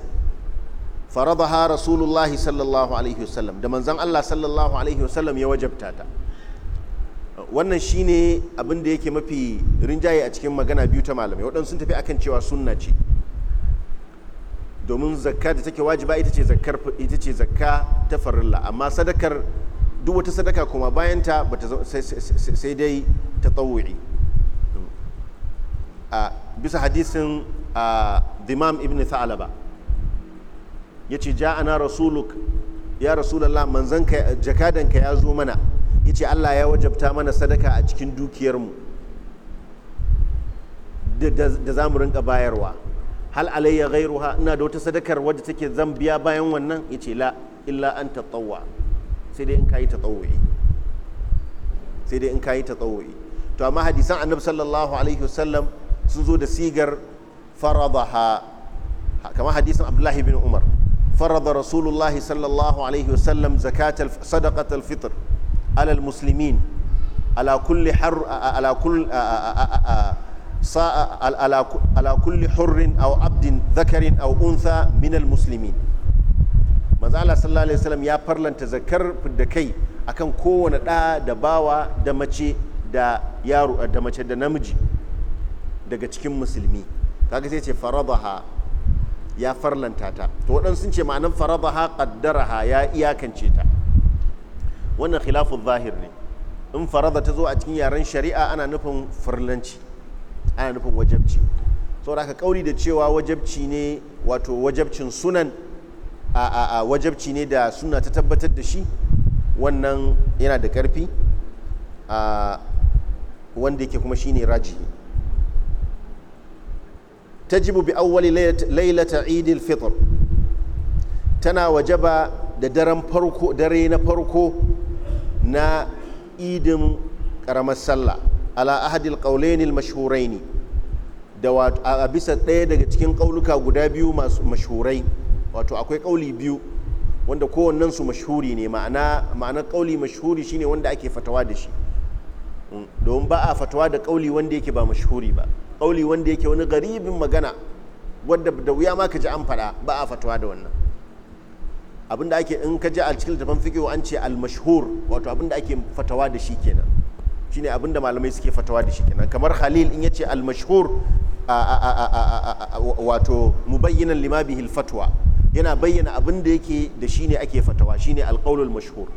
faradaha rasulullahi sallallahu alaihi wasallam da manzan Allah sallallahu alaihi wasallam ya wajabta ta wannan shine abinda yake mafi rinjaye a cikin magana biyu ta malamai waɗansu sun tafi akan cewa sunna ce domin zakka da take wajiba ita ce zakkar ita ce zakka ta farilla amma sadakar duk wata sadaka kuma bayan ta bata sai dai ta tsawuri a bisa hadisin imam ibn tha'alaba ya ce ana rasuluk ya rasulallah manzan ka ya zo mana yace allah ya wajabta mana sadaka a cikin dukiyarmu da za mu rinka bayarwa hal alayya ghairuha ina da wata sadakar wadda take zan bayan wannan yace la illa an tatawwa sai dai in kayi tatawwi sai dai in kayi tatawwi to amma hadisan annabi sallallahu alaihi wasallam sun zo da sigar faradaha kamar hadisin abdullahi bin umar فرض رسول الله صلى الله عليه sa'a ala kulli hurrin aw abdin zakarin aw untha min al muslimin manzo Allah sallallahu alaihi wasallam ya farlanta zakar da kai akan kowane da da bawa da mace da yaro da mace da namiji daga cikin musulmi kaga sai ce faradaha ya farlanta ta to waɗansu sun ce ma'anan faradaha qaddaraha ya iyakance ta wannan khilafun zahir ne in farada ta zo a cikin yaren shari'a ana nufin furlanci ana nufin wajabci saboda haka kauri da cewa wajabci ne wato wajabcin sunan a a a wajabci ne da suna ta tabbatar da shi wannan yana da karfi a wanda yake kuma shine raji tajibu bi awwali eid idil fitr tana wajaba da daren farko dare na farko na idin karamar sallah ala ahadil ƙaulenil ne da a bisa ɗaya daga cikin ƙauluka guda biyu masu mashhurai wato akwai ƙauli biyu wanda kowannen su mashhuri ne ma'ana ma'ana ƙauli mashhuri shine wanda ake fatawa da shi mm, domin ba a fatawa da ƙauli wanda yake ba mashhuri ba ƙauli wanda yake wani garibin magana wanda da wuya ma ka ji an faɗa ba a fatawa da wannan abinda ake in ka ji a cikin littafin fiqh an ce al-mashhur wato abinda ake fatawa da shi kenan shine abinda malamai suke fatawa da shi kenan kamar khalil in yace al-mashhur wato mubayyinan lima bihi fatwa yana bayyana abin da yake da shine ake fatawa shine al-qaulul mashhur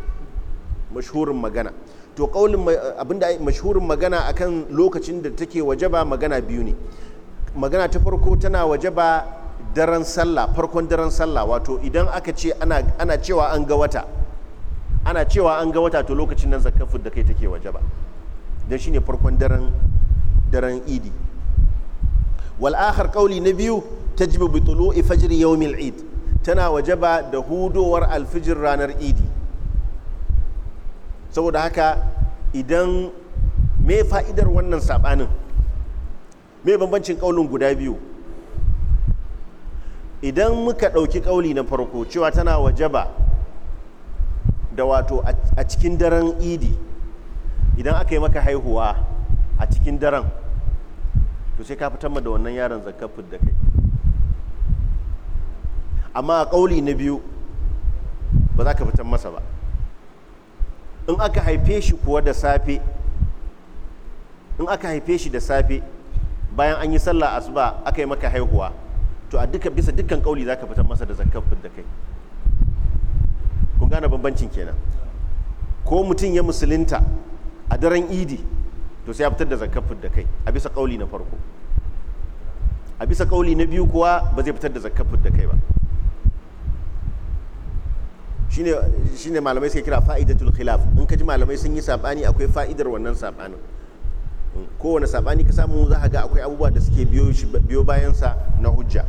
mashhurin magana to qaulin abinda mashhurin magana akan lokacin da take wajaba magana biyu ne magana ta farko tana wajaba daren sallah farkon daren sallah wato idan aka ce ana ana cewa an ga wata ana cewa an ga wata to lokacin nan zakafin da kai take wajaba don shine farkon daren daren idi wal akhar qawli na biyu ta bi tulu'i fajr yawm al id tana wajaba da hudowar alfijir ranar idi saboda haka idan me fa'idar wannan sabanin me bambancin kaulin guda biyu idan muka ɗauki kauli na farko cewa tana wajaba da wato a cikin daren idi idan aka yi maka haihuwa a cikin daren to sai ka fitar da wannan yaron zakafin da kai amma a ƙauli na biyu ba za ka fitar masa ba in aka haife shi kuwa da safe in aka haife shi da safe bayan an yi sallah asuba aka yi maka haihuwa to a duka bisa dukkan za ka fitar masa da zakafin da kai kun gane bambancin kenan ko mutum ya musulunta a daren idi to sai ya fitar da zakar da kai a bisa kauli na farko a bisa kauli na biyu kuwa ba zai fitar da zakar da kai ba shi ne malamai suke kira fa'idatul khilaf in ka ji malamai sun yi sabani akwai fa'idar wannan sabanin hmm, kowane sabani ka samu za a ga akwai abubuwa da suke biyo bayansa na hujja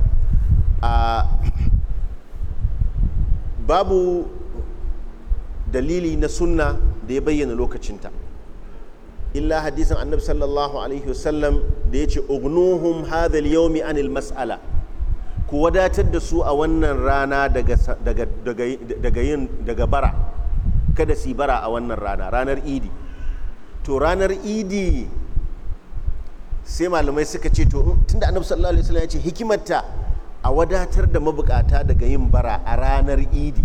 babu dalili na sunna da ya bayyana lokacinta illa hadisin annabi sallallahu alaihi wasallam da ya ce ugnuhum hadhal yawmi anil mas'ala ku wadatar da su a wannan rana daga yin daga bara kada su bara a wannan rana ranar idi to ranar idi sai malamai suka ce to tunda annabi sallallahu alaihi wasallam ya ce hikimarta a wadatar da mabukata daga yin bara a ranar idi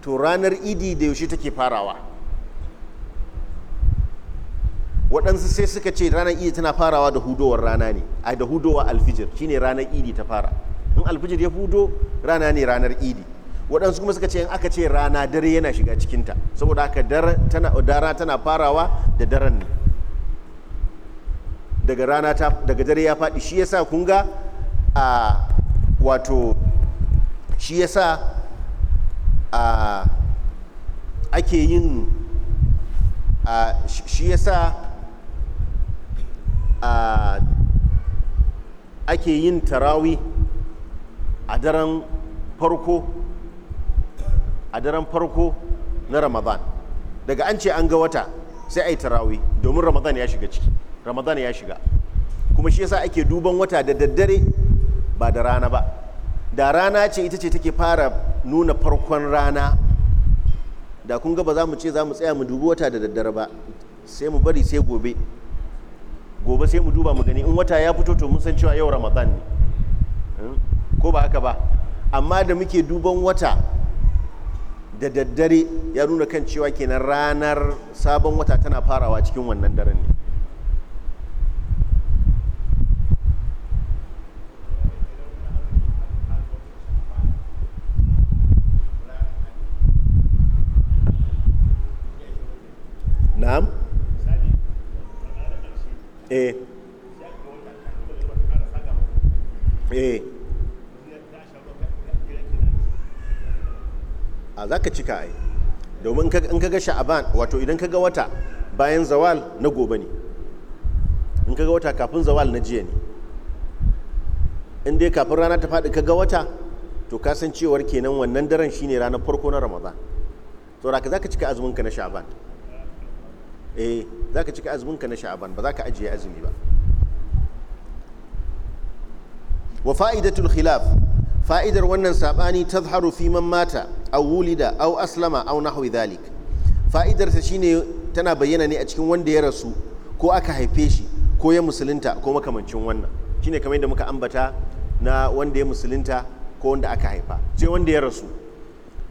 to ranar idi da yaushe take farawa waɗansu sai suka ce ranar idi tana farawa da hudowar rana ne a da hudowa alfijir shine ranar idi ta fara in alfijir ya hudo rana ne ranar idi waɗansu kuma suka ce in aka ce rana dare yana shiga cikinta saboda haka dara tana farawa da daren ne daga rana ta daga dare ya faɗi shi yasa kun ga a wato shi yasa a ake yin a shi yasa ake yin tarawi a daren farko a daren farko na ramadan daga an ce an ga wata sai a yi tarawi domin ramadan ya shiga ciki ramadan ya shiga kuma shi yasa ake duban wata da daddare ba da rana ba da rana ce ita ce take fara nuna farkon rana da kun ga ba za mu ce za mu tsaya mu dubi wata da daddare ba sai mu bari sai gobe gobe sai mu duba mu gani in wata ya fito to mun san cewa yau ramadan ne hmm? ko ba haka ba amma da muke duban wata da daddare ya nuna kan cewa kenan ranar sabon wata tana farawa cikin wannan daren ne cika ai domin in ga sha'aban wato idan kaga wata bayan zawal na gobe ne in ga wata kafin zawal na jiya ne in dai kafin rana ta faɗi kaga wata to ka san cewar kenan wannan daren shine ranar farko na ramadan to raka zaka cika azuminka na sha'aban eh ka cika azuminka na sha'aban ba za ka ajiye azumi ba wa fa'idatul khilaf fa'idar wannan sabani ta fi man mata a wulida aw aslama au nahwi dhalik fa'idar ta shine tana bayyana ne a cikin wanda ya rasu ko aka haife shi ko ya musulunta ko makamancin wannan shine kamar yadda muka ambata na wanda ya musulunta ko wanda aka haifa sai wanda ya rasu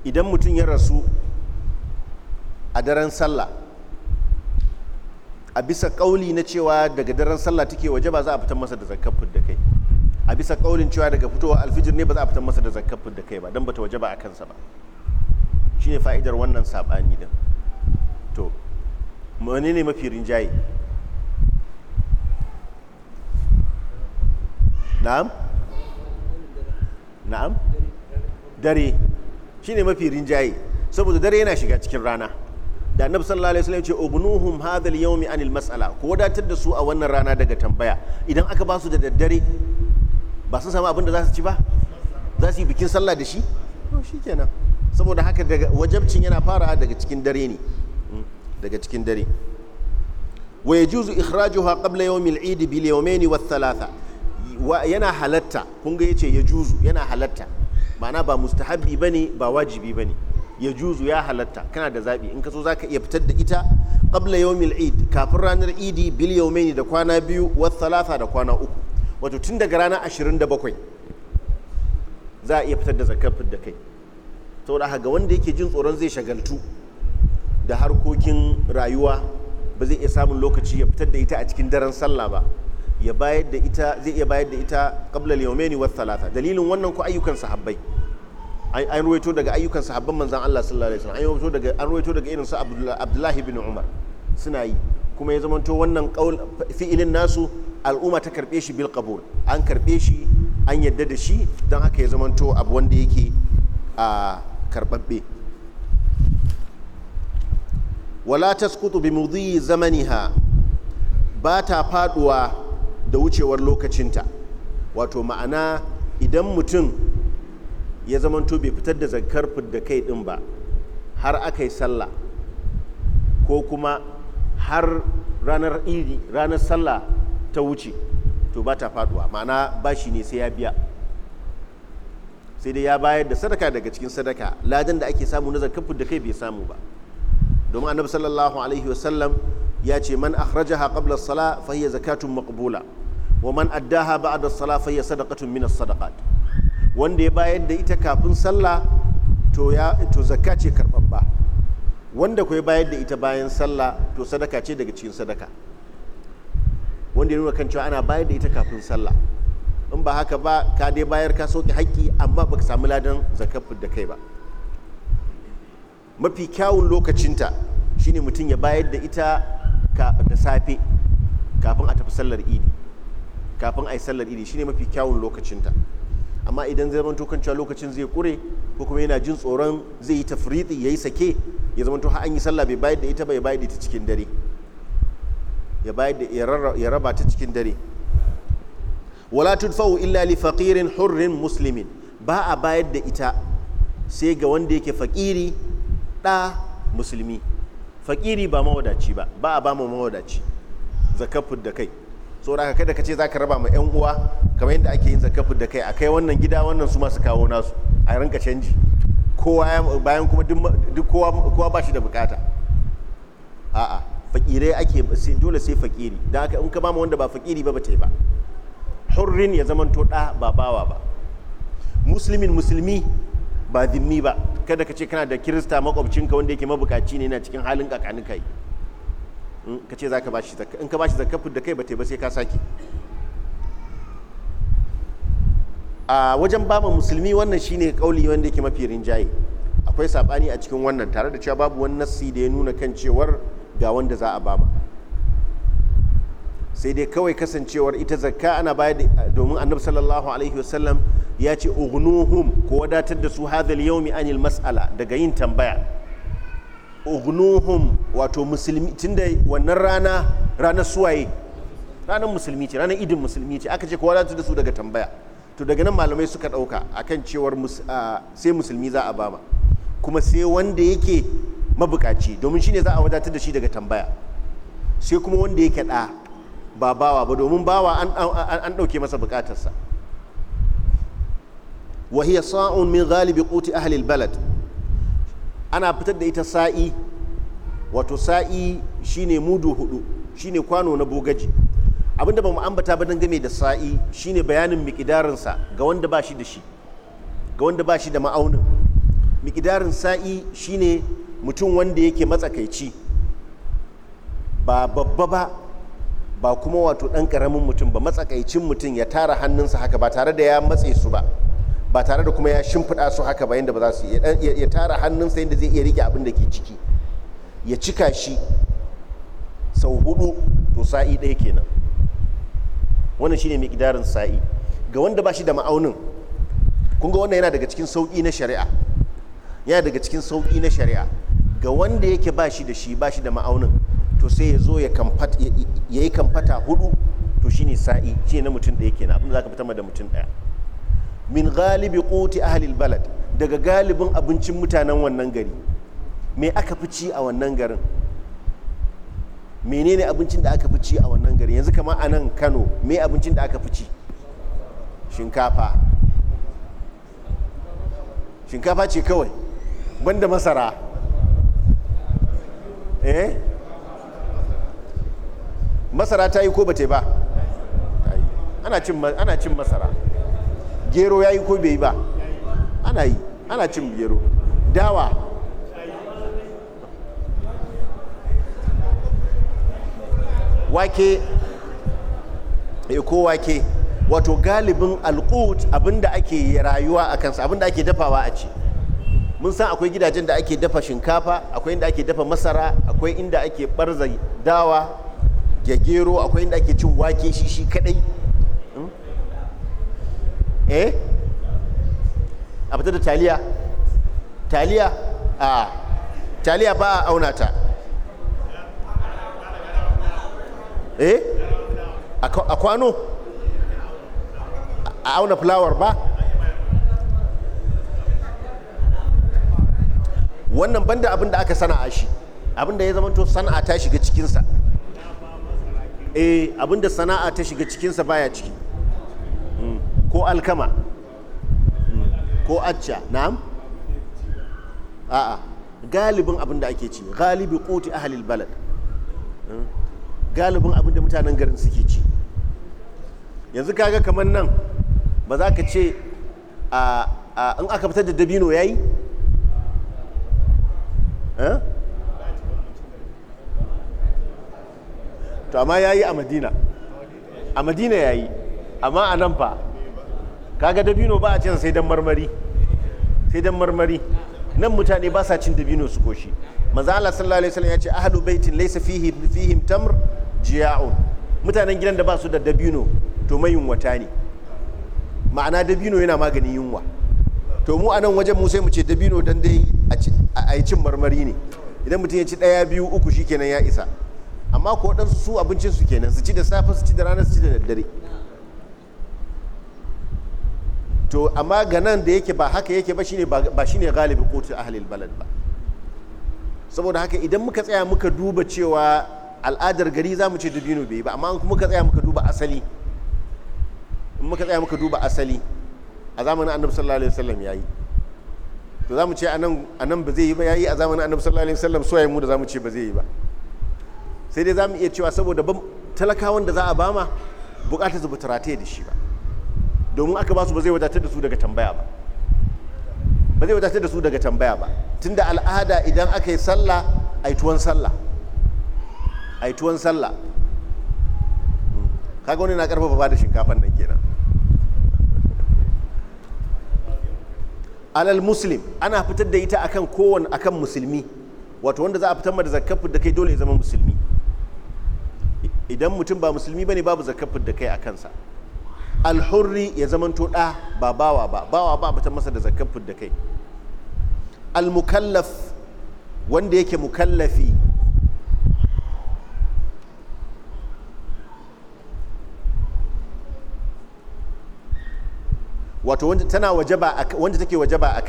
idan mutum ya rasu a daren sallah a bisa kauli na cewa daga daren sallah take waje ba za a fitar masa da zakkar da kai a bisa kaulin cewa daga fitowa alfijir ne ba za a fitar masa da zakar da kai ba don bata waje ba a kansa ba shine fa'idar wannan saɓani din to mene ne mafi rinjaye na'am na'am dare shine mafi rinjaye saboda dare yana shiga cikin rana da annabi sallallahu alaihi wasallam ce ubnuhum hadha al-yawmi anil mas'ala ko wadatar da su a wannan rana daga tambaya idan aka ba su da daddare ba sun samu abin da za su ci ba za su yi bikin sallah da shi to shi kenan saboda haka daga wajabcin yana farawa daga cikin dare ne hmm, daga cikin dare wa yajuzu ikhrajuha qabla yawm al-eid bil yawmayn wa thalatha yana halatta kun ga yace yajuzu yana halatta mana ba mustahabbi bane ba wajibi bane yajuzu ya halatta kana da zabi in ka so zaka iya fitar da ita qabla yawm al-eid kafin ranar idi bil yawmayn da kwana biyu wa thalatha da kwana uku wato tun daga rana 27 za a iya fitar da zakar da kai da haga wanda yake jin tsoron zai shagaltu da harkokin rayuwa ba zai iya samun lokaci ya fitar da ita a cikin daren sallah ba ya bayar da ita zai iya bayar da ita qabla al-yawmaini wa thalatha dalilin wannan ko ayyukan sahabbai an ruwaito daga ayyukan sahabban manzon Allah sallallahu alaihi wasallam an ruwaito daga an ruwaito daga irin su Abdullahi ibn Umar suna yi kuma ya zamanto wannan fi'ilin nasu al'umma ta karɓe shi bil qabul an karɓe shi an yadda da shi don haka ya zamanto abu wanda yake a karɓaɓɓe wala tasqutu bi mudhi zamaniha ba ta faduwa da wucewar lokacinta wato ma'ana idan mutum ya zamanto bai fitar da zakar da kai din ba har aka yi sallah ko kuma har ranar idi ranar sallah ta wuce to ba ta faduwa ma'ana ba shi ne sai ya biya sai dai ya bayar da sadaka daga cikin sadaka ladan da ake samu na kafin da kai bai samu ba domin annabi sallallahu alaihi wasallam ya ce man akhrajaha qabla as-sala fa hiya zakatun maqbula wa man addaha ba'da as-sala fa hiya sadaqatun min as-sadaqat wanda ya bayar da ita kafin sallah to ya to zakka ce karbabba wanda ko bayar da ita bayan sallah to sadaka ce daga cikin sadaka wanda ya nuna kan cewa ana bayar da ita kafin sallah in ba haka ba ka dai bayar ka soke haƙƙi amma ba ka samu ladan zakafin da kai ba mafi kyawun lokacinta shine mutum ya bayar da ita da safe kafin a tafi sallar idi kafin a yi sallar idi shine mafi kyawun lokacinta amma idan zai zamanto kan cewa lokacin zai kure ko kuma yana jin tsoron zai yi tafriɗi ya yi sake ya zamanto har an yi sallah bai bayar da ita ba ya bayar da ita cikin dare ya bayar da ya raba ta cikin dare wala tudfa'u illa li faqirin hurrin muslimin ba a bayar da ita sai ga wanda yake faqiri ɗa musulmi faqiri ba mawadaci ba ba a ba mu mawadaci zakafu da kai saboda haka kada ka ce zaka raba ma yan uwa kamar yadda ake yin zakafu da kai akai wannan gida wannan su masu kawo nasu a rinka canji kowa bayan kuma duk kowa ba shi da bukata a'a fakirai ake dole sai fakiri da aka in ka ba mu wanda ba fakiri ba ba yi ba hurrin ya zama to da ba bawa ba musulmin musulmi ba zimmi ba kada ka ce kana da kirista makwabcinka wanda yake mabukaci ne yana cikin halin kakani kai hmm, ka ce za ka bashi zakka in ka bashi zakka da kai ba yi ba sai ka sake a wajen bama musulmi wannan shine kauli wanda yake mafi rinjaye akwai sabani a cikin wannan tare da cewa babu wani nassi da ya nuna kan cewar ga wanda za a ba ma sai dai kawai kasancewar ita zakka ana bayar domin annabi sallallahu alaihi wasallam ya ce ugnuhum ko wadatar da su hadhal yawmi anil mas'ala daga yin tambaya ugnuhum wato musulmi tunda wannan rana ranar suwaye ranar musulmi ce ranar idin musulmi ce aka ce ko wadatar da su daga tambaya to daga nan malamai suka dauka akan cewar sai musulmi za a ba ma kuma sai wanda yake mabukaci domin shine za a wadatar da shi daga tambaya sai kuma wanda yake da ba bawa ba domin bawa an ɗauke masa bukatarsa hiya sa'un min kotu quti ahli balad ana fitar da ita sa'i wato sa'i shine mudu hudu shine kwano na bogaji abinda ba mu ambata ba game da sa'i shine bayanin mikidarinsa ga wanda ba shi da shi ga wanda ba shi da ma'aunin mikidarin sa'i shine mutum wanda yake matsakaici ba babba ba ba kuma wato ɗan ƙaramin mutum ba matsakaicin mutum ya tara hannunsa haka ba tare da ya matse su ba ba tare da kuma ya shimfiɗa su haka ba yadda ba za su ya tara hannunsa yadda zai iya rike abin da ke ciki ya cika shi sau hudu to sa'i ɗaya kenan wannan shine miƙdarin sa'i ga wanda ba shi da ma'aunin kun ga wannan yana daga cikin sauƙi na shari'a ya daga cikin sauƙi na shari'a ga wanda yake ba shi da shi ba shi da ma'aunin to sai ya zo ya yi kamfata hudu to shine sa'i shi na mutum ɗaya kenan abin da za ka fitar da mutum ɗaya min galibi ƙoti ahalil balad daga galibin abincin mutanen wannan gari me aka fi ci a wannan garin menene abincin da aka fi ci a wannan gari yanzu kama a nan kano me abincin da aka fi ci shinkafa shinkafa ce kawai banda masara eh masara ta yi ko ba ta yi ba ana cin masara gero ya yi ko bai yi ba ana yi ana cin gero dawa wake ya eh, ko wake wato galibin alkut abinda ake rayuwa a kansa abinda ake dafawa a ci mun san akwai gidajen da ake dafa shinkafa akwai inda ake dafa masara akwai inda ake barza dawa gyagero akwai inda ake cin wake shi shi kadai hmm? eh a fita da taliya taliya a taliya ba a auna ta eh a kwano a auna fulawar ba wannan banda abin da aka sana'a shi abin da ya zama to sana'a ta shiga cikinsa eh abin da sana'a ta shiga cikinsa baya ciki hmm. ko alkama hmm. ko acca na'am a'a galibin abin da ake ci galibi koti ahalil balad hmm. galibin abin da mutanen garin suke ci yanzu kaga kamar nan ba za ka ce in aka fitar da dabino yayi eh to amma ya yi a madina a madina ya yi amma a nan fa kaga dabino ba a cin sai dan marmari sai dan marmari nan mutane ba sa cin dabino su koshi manzo Allah sallallahu alaihi wasallam ya ce ahlu baitin laysa fihi fihim tamr jiya'un mutanen gidan da ba su da dabino to mai yunwata ne ma'ana dabino yana maganin yunwa to mu a nan wajen mu sai mu ce dabino dan dai a cin a yi cin marmari ne idan mutum ya ci ɗaya biyu uku shi kenan ya isa amma ko waɗansu su abincin su kenan su ci da safe su ci da rana su ci da daddare to amma ga nan da yake ba haka yake ba shine ba shine galibi kotu ahlil balad ba saboda haka idan muka tsaya muka duba cewa al'adar gari za mu ce dabino bai ba amma muka tsaya muka duba asali in muka tsaya muka duba asali a zamanin annabi sallallahu alaihi wasallam yayi to za mu ce a nan ba zai yi ba ya yi a zamanin annabi sallallahu alaihi wasallam so mu da za mu ce ba zai yi ba sai dai za mu iya cewa saboda ban talakawan da za a ba ma bukatar su ba rataye da shi ba domin aka ba su ba zai wadatar da su daga tambaya ba ba zai wadatar da su daga tambaya ba tunda al'ada idan aka yi sallah aituwan sallah aituwan sallah hmm. kaga wani na karfafa ba da shinkafan nan kenan alal muslim ana fitar da ita akan kowane akan musulmi wato wanda za a fitar da zakafin da kai dole ya zama musulmi idan mutum ba musulmi bane babu zakafin da kai a kansa alhurri ya zamanto ɗa ba bawa ba bawa ba fitar masa da zakafin da kai almukallaf wanda yake mukallafi wato wanda tana wajaba a kai wajaba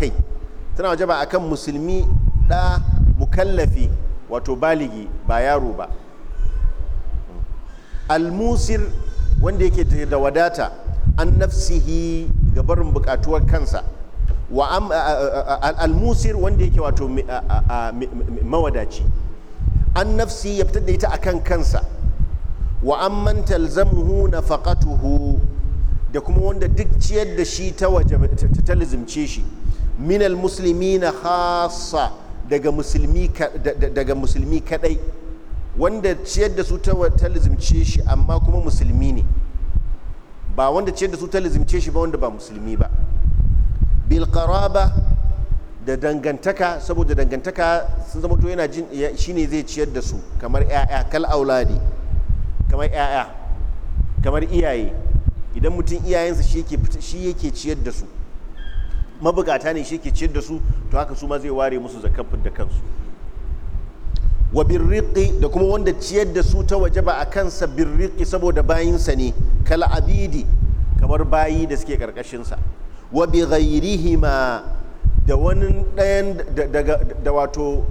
tana wajaba kan musulmi da mukallafi wato baligi ba yaro ba almusir wanda yake da wadata an nafsihi ga barin bukatuwar kansa wa almusir wanda yake wato mawadaci an nafsi ya fitar da ita kan kansa wa amman talzamuhu faƙatuhu da kuma wanda duk ciyar da shi ta talizimce shi minal musulmi na hasa daga musulmi kadai wanda ciyar da su ta talizimce shi amma kuma musulmi ne ba wanda ciyar da su talizimce shi ba wanda ba musulmi ba bilkaraba da dangantaka saboda dangantaka sun zama to yana jin shi ne zai ciyar da su kamar 'ya'ya kal auladi kamar 'ya'ya kamar iyaye idan mutum iyayensa shi yake ciyar da su mabukata ne shi yake ciyar da su to haka su ma zai ware musu zakafin da kansu wa birriƙi da kuma wanda ciyar da su ta waje ba a kansa birriƙi saboda bayinsa ne kala abidi kamar bayi da suke ƙarƙashinsa wa bi ma da wani ɗayan da wato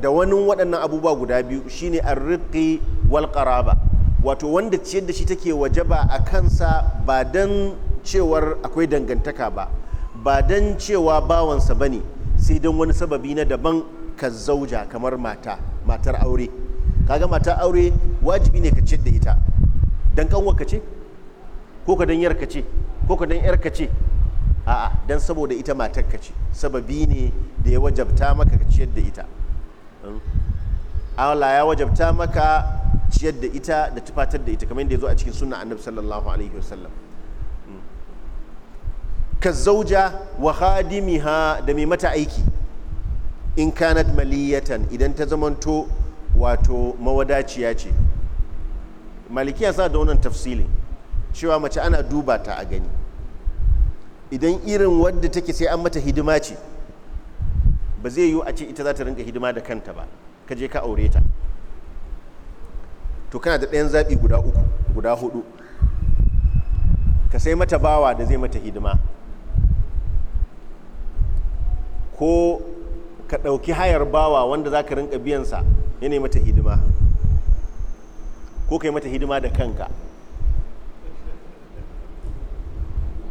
da wani waɗannan abubuwa guda biyu shine arriƙi wal qaraba wato wanda ciyar da shi take wajaba a kansa ba don cewar akwai dangantaka ba ba don cewa bawansa ba ne sai don wani sababi na daban ka zauja kamar mata matar aure kaga matar aure wajibi ne ka ciyar da ita don ka ce ko ka don yarka ce ko ka don yarka ce a'a don saboda ita matar ka ce sababi ne da ya wajabta maka ka ciyar da ita hmm? Allah ya wajabta maka ciyar da ita da tufatar da ita kamar yadda ya zo a cikin sunna annabi sallallahu alaihi wasallam mm. ka zauja wa khadimiha da mai mata aiki in kanat maliyatan idan ta zamanto wato mawadaciya ce malikiya sa da wannan tafsilin cewa mace ana duba ta a gani idan irin wadda take sai an mata hidima ce ba zai yiwu a ce ita za ta rinka hidima da kanta ba ka je ka aure ta to kana da ɗayan zaɓi guda uku guda hudu ka sai mata bawa da zai mata hidima ko ka ɗauki hayar bawa wanda za ka rinka biyansa yanayi mata hidima ko ka yi mata hidima da kanka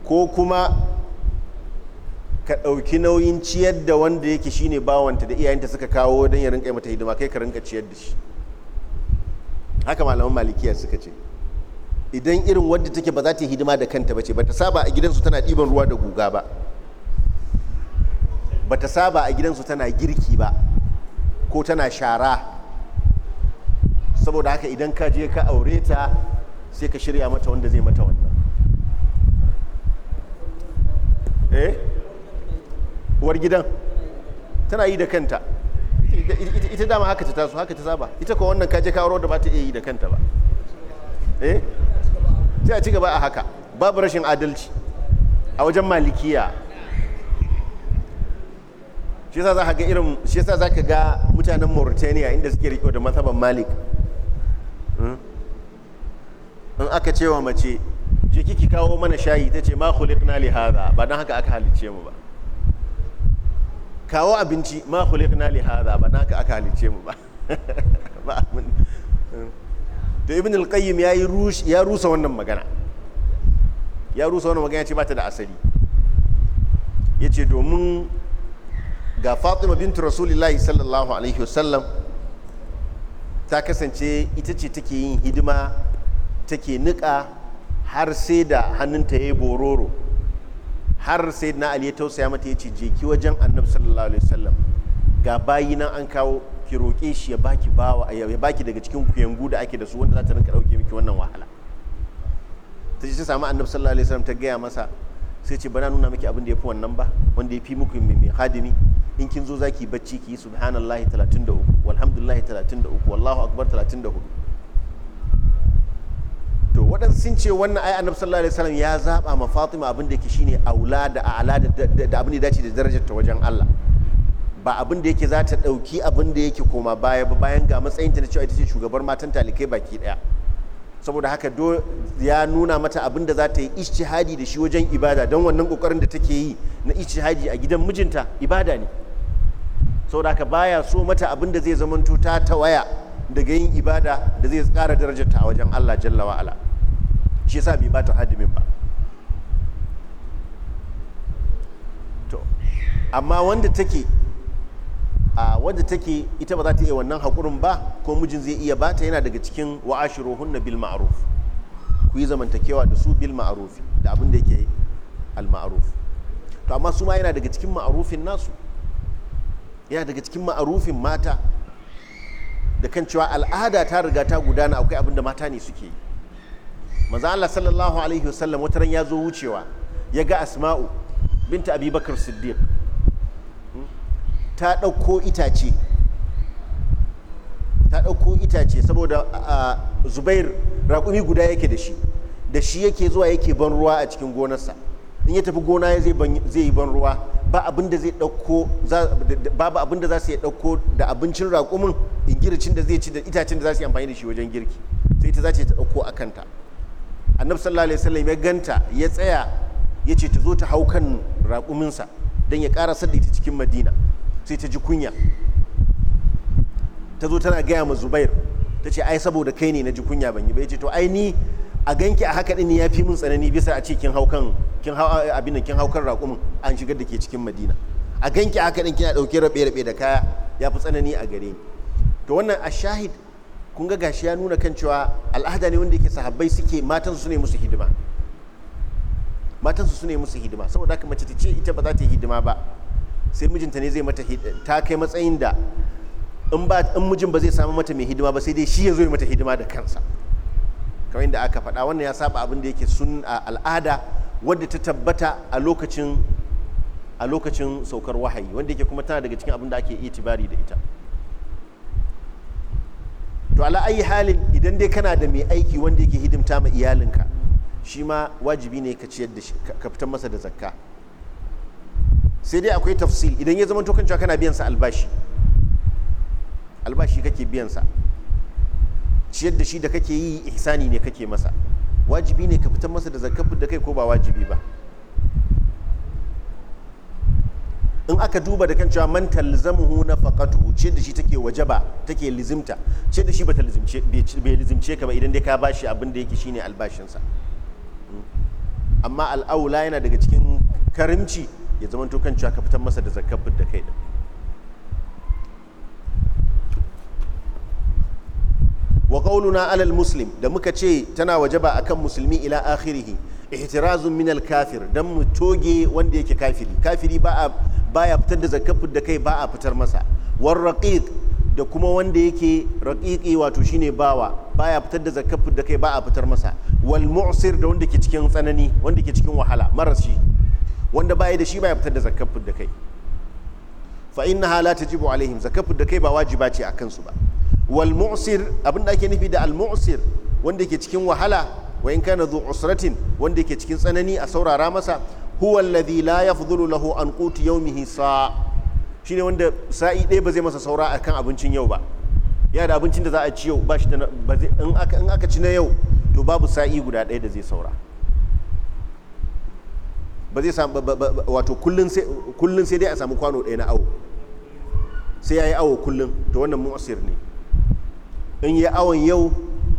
ko kuma ka ɗauki nauyin ciyar da wanda yake shine bawanta da iyayenta suka kawo don ya rinka mata hidima kai ka rinka ciyar da shi haka malaman malikiya suka ce idan irin wadda take ba za ta hidima da kanta ba ce ba ta saba a gidansu tana ɗiban ruwa da guga ba bata ta saba a gidansu tana girki ba ko tana shara saboda haka idan ka je ka aure ta sai ka shirya mata wanda zai mata wannan eh uwar gidan tana yi da kanta ita dama haka ta taso haka ta saba ita ko wannan kaje kawo da ba ta iya yi da kanta ba eh sai a ci gaba a haka babu rashin adalci a wajen malikiya shi yasa za ka ga irin shi yasa za ka ga mutanen Mauritania inda suke riko da mazhaban Malik hmm? in aka ce wa mace je kiki kawo mana shayi ta ce ma khuliqna li hadha ba dan haka aka halicce mu ba kawo abinci ma kule li lihada ba na ka aka halice mu ba ba to ibn al-qayyim ya yi ya rusa wannan magana ya rusa wannan magana ya ce ba ta da asali ya ce domin ga Fatima bintu Rasulullahi sallallahu alaihi wasallam ta kasance ita ce take yin hidima take niƙa har sai da hannunta ya yi bororo har sai na ali ya tausaya mata ya ce je ki wajen annabi sallallahu alaihi wasallam ga bayi nan an kawo ki roƙe shi ya baki bawa ya baki daga cikin kuyangu da ake da su wanda za ta rinka ɗauke miki wannan wahala ta ce ta samu annabi sallallahu alaihi wasallam ta gaya masa sai ce bana nuna miki abin da ya fi wannan ba wanda ya fi muku mai hadimi in kin zo zaki bacci ki yi subhanallahi 33 walhamdulillahi 33 wallahu akbar 34 to waɗansu sun ce wannan ayi annabi sallallahu alaihi wasallam ya zaba ma Fatima abin da yake shine aula da a'la da abin da dace da darajar ta wajen Allah ba abin da yake za ta dauki abin da yake koma baya ba bayan ga matsayinta na cewa ita ce shugabar matan talikai baki daya. saboda haka do ya nuna mata abin da za ta yi ijtihadi da shi wajen ibada don wannan kokarin da take yi na ijtihadi a gidan mijinta ibada ne saboda haka baya so mata abin da zai zamanto ta tawaya daga yin ibada da zai tsara darajarta a wajen Allah jalla wa'ala shi yasa bai bata hadimin ba to amma wanda take a wanda take ita ba za ta iya wannan haƙurin ba ko mijin zai iya bata yana daga cikin wa'ashiruhunna bil ma'ruf ku yi zamantakewa da su bil ma'ruf da abin da yake al ma'ruf to amma su ma yana daga cikin ma'rufin nasu yana daga cikin ma'arufin mata da kan cewa al'ada ta riga ta gudana akwai abin da mata ne suke yi manzo Allah sallallahu alaihi wasallam wata ran ya zo wucewa ya ga Asma'u binta abubakar Siddiq hmm, ta ɗauko itace ta ɗauko itace saboda Zubair raƙumi guda yake da shi da shi yake zuwa yake ban ruwa a cikin gonarsa in ya tafi gona ya zai yi ban ruwa ba abin da babu abin da za su iya ɗauko da abincin raƙumin gircin da zai ci da itacen da za su yi amfani da shi wajen girki sai ta za ce ta ɗauko a kanta annabi sallallahu alaihi wasallam ya ganta ya tsaya ya ce ta zo ta hau kan raƙuminsa don ya ƙara sadda ita cikin madina sai ta ji kunya ta zo tana gaya ma zubair ta ce ai saboda kai ne na ji kunya ban yi ba ya ce to ai ni a ganki a haka ɗin ya fi mun tsanani bisa a cikin haukan. kan kin hau abin kin hau kan raƙumin an shigar da ke cikin madina a ganki haka din kina ɗauke rabe rabe da kaya ya fi tsanani a gare ni to wannan a shahid kun ga gashi ya nuna kan cewa al'ada ne wanda yake sahabbai suke matansu su ne musu hidima matansu su ne musu hidima saboda haka mace ta ce ita ba za ta yi hidima ba sai mijinta ne zai mata ta kai matsayin da in mijin ba zai samu mata mai hidima ba sai dai shi ya zo mata hidima da kansa kamar yadda aka faɗa wannan ya saba abin da yake sun al'ada wadda ta tabbata a lokacin a lokacin saukar wahayi wanda yake kuma tana daga cikin abin ake itibari da ita to ala ayi halin idan dai kana da mai aiki wanda yake hidimta ma iyalinka shi ma wajibi ne ka ciyar da shi ka fitar masa da zakka sai dai akwai tafsil idan ya zama to kan cewa kana biyan sa albashi albashi kake biyan sa ciyar da shi da kake yi ihsani ne kake masa wajibi ne ka fitar masa da zakafin da kai ko ba wajibi ba in aka duba da kan cewa man talzamuhu na faqatuhu ce da shi take wajaba take lizimta ce da shi ba talzimce bai lizimce ka ba idan dai ka bashi abin da yake shine albashinsa amma al'aula yana daga cikin karimci ya zama to kan cewa ka fitar masa da zakafin da kai din wa qawluna alal muslim da muka ce tana wajaba akan musulmi ila akhirih ihtirazun minal kafir dan mu toge wanda yake kafiri kafiri ba a baya fitar da zakafin da kai ba a fitar masa war raqiq da kuma wanda yake raqiqi wato shine bawa baya fitar da zakafin da kai ba a fitar masa wal mu'sir da wanda ke cikin tsanani wanda ke cikin wahala maras shi wanda baya da shi baya fitar da zakafin da kai fa innaha la tajibu alaihim zakafin da kai ba wajiba ce akan su ba walmusir abinda ake nufi da almusir wanda ke cikin wahala wa in kana zu usratin wanda ke cikin tsanani a saurara masa huwa alladhi la yafdhulu lahu an qut yawmihi sa shine wanda sa'i dai ba zai masa saura akan abincin yau ba ya da abincin da za a ci yau ba shi da in aka in aka ci na yau to babu sa'i guda ɗaya da zai saura ba zai samu wato kullun sai dai a samu kwano ɗaya na awo sai ya yi awo kullun to wannan mu'asir ne in yi awon yau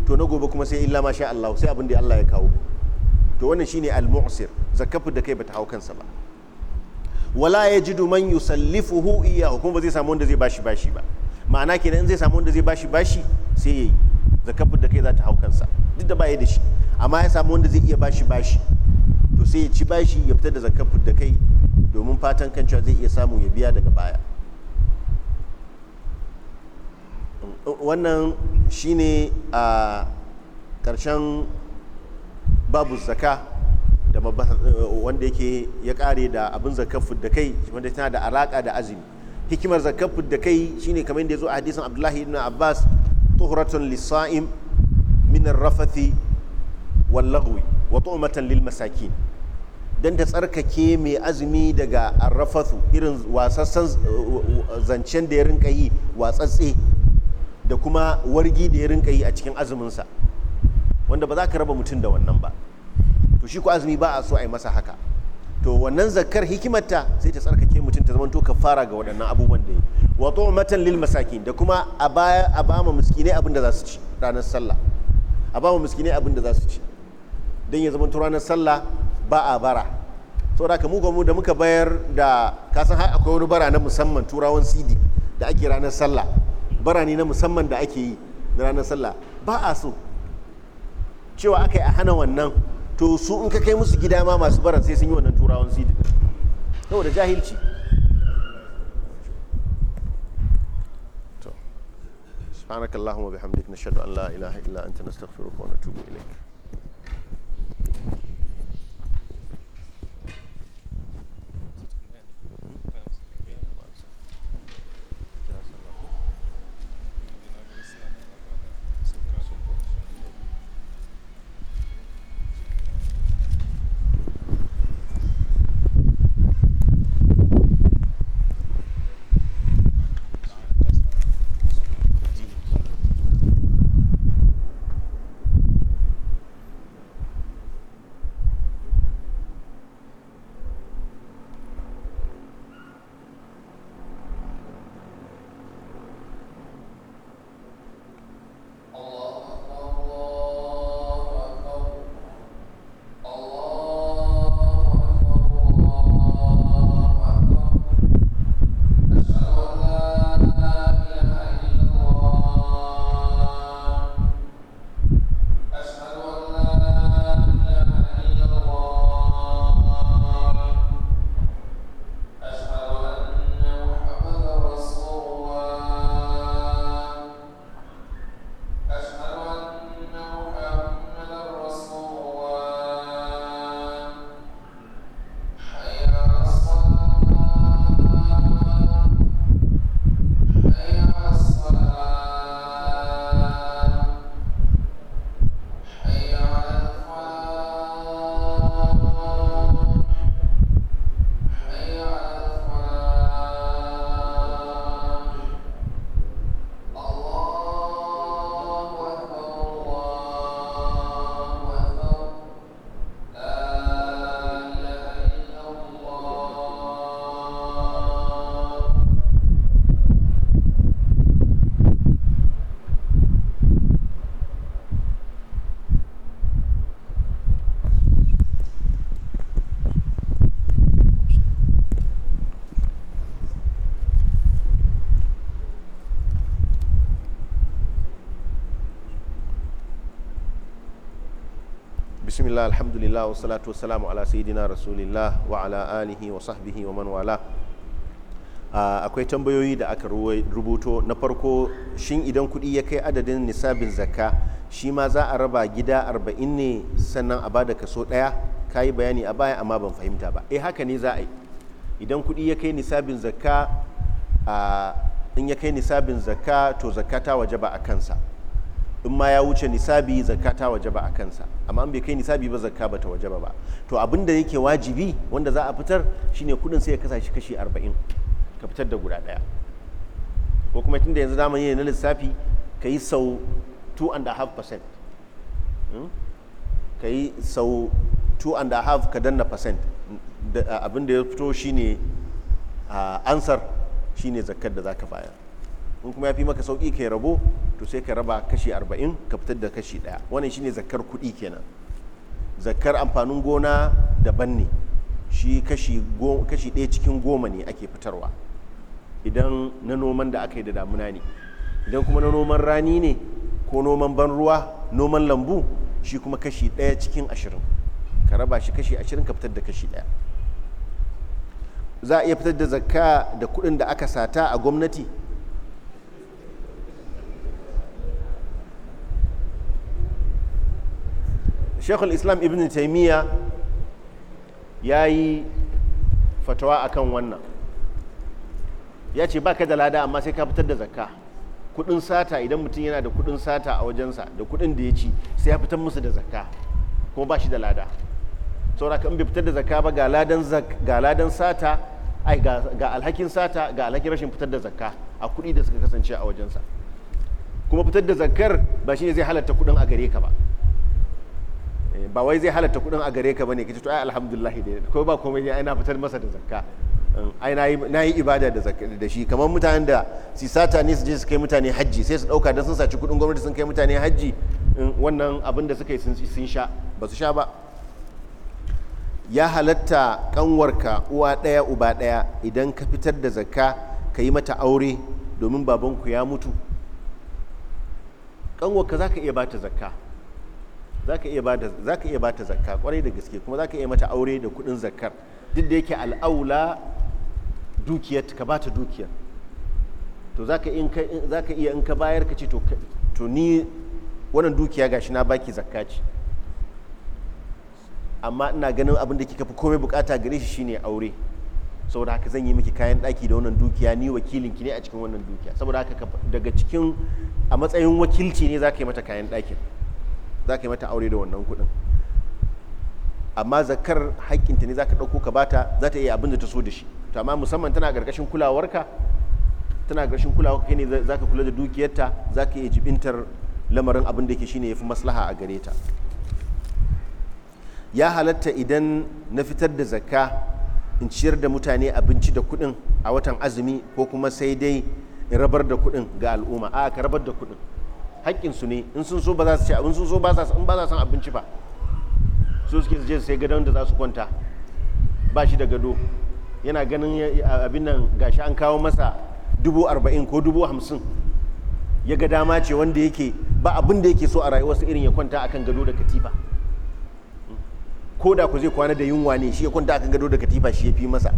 to na gobe kuma sai illa ma sha Allah sai abin da Allah ya kawo to wannan shine al-mu'sir zakafu da kai bata hau kansa ba wala yajidu man yusallifuhu iyyahu kuma ba zai samu wanda zai bashi bashi ba ma'ana kenan in zai samu wanda zai bashi bashi sai yayi zakafu da kai za ta hau kansa duk da baya da shi amma ya samu wanda zai iya bashi bashi to sai ya ci bashi ya fitar da zakafu da kai domin fatan kan cewa zai iya samu ya biya daga baya wannan shine a karshen babu zaka da wanda yake ya kare da abin zakar da kai wanda tana da alaka da azumi hikimar zakar da kai shine kamar yadda ya zo a hadisin abdullahi ibn abbas tuhratun lissa'im min rafathi wal wa tu'matan lil masakin dan ta tsarkake mai azumi daga arrafathu irin wasassan uh, uh, zancen da ya rinka yi watsatse da kuma wargi da ya rinka yi a cikin azuminsa wanda ba za ka raba mutum da wannan ba to shi ko azumi ba a so a yi masa haka to wannan zakar hikimarta sai ta tsarkake mutum ta zama to fara ga waɗannan abubuwan da yi wa matan lil masakin da kuma a baya a ba ma miskine abin da za su ci ranar sallah a ba ma miskine abin da za su ci dan ya zama to ranar sallah ba a bara saboda ka mu mu da muka bayar da kasan har akwai wani bara na musamman turawan CD da ake ranar sallah barani na musamman da ake yi na ranar sallah ba a so cewa aka yi a hana wannan to su in ka kai musu gida ma masu baran sai sun yi wannan turawan sidin saboda jahilci alhamdulillah alhamdulillah wa salatu wa salamu ala sayyidina rasulillah wa ala alihi wa sahbihi wa man wala ah, akwai tambayoyi da aka rubuto na farko shin idan kuɗi ya kai adadin nisabin zakka shi ma za a raba gida 40 ne sannan a bada kaso ɗaya kayi bayani a baya amma ban fahimta ba eh haka ne za a yi idan kuɗi ya kai nisabin zakka ah, in ya kai nisabin zakka to zakka ta wajaba a kansa in ma ya wuce nisabi zakka ta wajaba a kansa amma bai kai nisabi ba zakka bata wajaba ba to abin da yake wajibi wanda za a fitar shine kudin sai ya kasa shi kashi 40 ka fitar da guda daya ko kuma tunda yanzu zamani na lissafi ka yi sau 2.5% hmm? ka yi sau 2.5 ka danna percent abin da ya fito shine ah, ansar shine zakkar da za ka bayar in kuma ya fi maka sauki kai rabo to sai ka raba kashi arba'in ka fitar da kashi ɗaya wannan shine zakar kuɗi kenan zakkar amfanin gona daban ne shi kashi ɗaya cikin goma ne ake fitarwa idan na noman da aka yi da damuna ne idan kuma na noman rani ne ko noman ban ruwa noman lambu shi kuma kashi ɗaya cikin ashirin ka raba shi kashi ashirin ka fitar da kashi ɗaya za a iya fitar da zakka da kuɗin da aka sata a gwamnati shekul islam ibn taimiyya ya yi fatawa akan wannan ya ce baka da lada amma sai ka fitar da zakka kudin sata idan mutum yana da kudin sata a wajensa da kudin da ya ci sai ya fitar musu da zakka kuma ba shi da lada saboda in bai fitar da zakka ba ga ladan sata ai ga alhakin sata ga alhakin rashin fitar da zakka a kudi da suka kasance a wajensa kuma fitar da zakkar ba shi ne zai halatta kudin a gare ka ba Eh, ba wai zai halatta kuɗin a gare ka bane kace to ai alhamdulillah dai ko ba komai dai ai na fitar masa da zakka eh, ai na yi ibada da zakka da shi kamar mutanen da si sata ne su je su kai mutane hajji sai su dauka dan sun saci kuɗin gwamnati sun kai mutane hajji wannan abin da suka yi sun sha ba su sha ba ya halatta kanwarka uwa ɗaya uba ɗaya idan ka fitar da zakka ka yi mata aure domin babanku ya mutu kanwarka za ka iya bata zakka zaka iya ba ta zakka kwarai da gaske kuma zaka iya mata aure da kudin zakkar duk da yake al'aula dukiyar ka ba ta dukiyar to zaka ka iya in ka bayar ka ce to ni wannan dukiya gashi na baki zakka ce amma ina ganin abin da kika fi komai bukata gare shi shine aure saboda haka zan yi miki kayan daki da wannan dukiya ni wakilin ki ne a cikin wannan dukiya saboda haka daga cikin a matsayin wakilci ne za ka yi mata kayan ɗakin za ka yi mata aure da wannan kuɗin amma zakar haƙƙinta ne za ka ɗauko ka bata za ta iya abin da ta so da shi to amma musamman tana ƙarƙashin kulawarka tana ƙarƙashin kulawarka kai ne za ka kula da dukiyarta za ka iya jibintar lamarin abin da yake shine ya fi maslaha a gare ta ya halatta idan na fitar da zakka in ciyar da mutane abinci da kuɗin a watan azumi ko kuma sai dai in rabar da kuɗin ga al'umma a ka rabar da kuɗin haƙƙinsu ne in sun so ba za su ci in sun so ba za su in ba za san abinci ba so suke su je sai gadon da za su kwanta ba shi da gado yana ganin abin nan gashi an kawo masa dubu arba'in ko dubu hamsin ya ga dama ce wanda yake ba abin da yake so a rayuwarsa irin ya kwanta akan gado da katifa ko da ku zai kwana da yunwa ne shi ya kwanta akan gado da katifa shi ya fi masa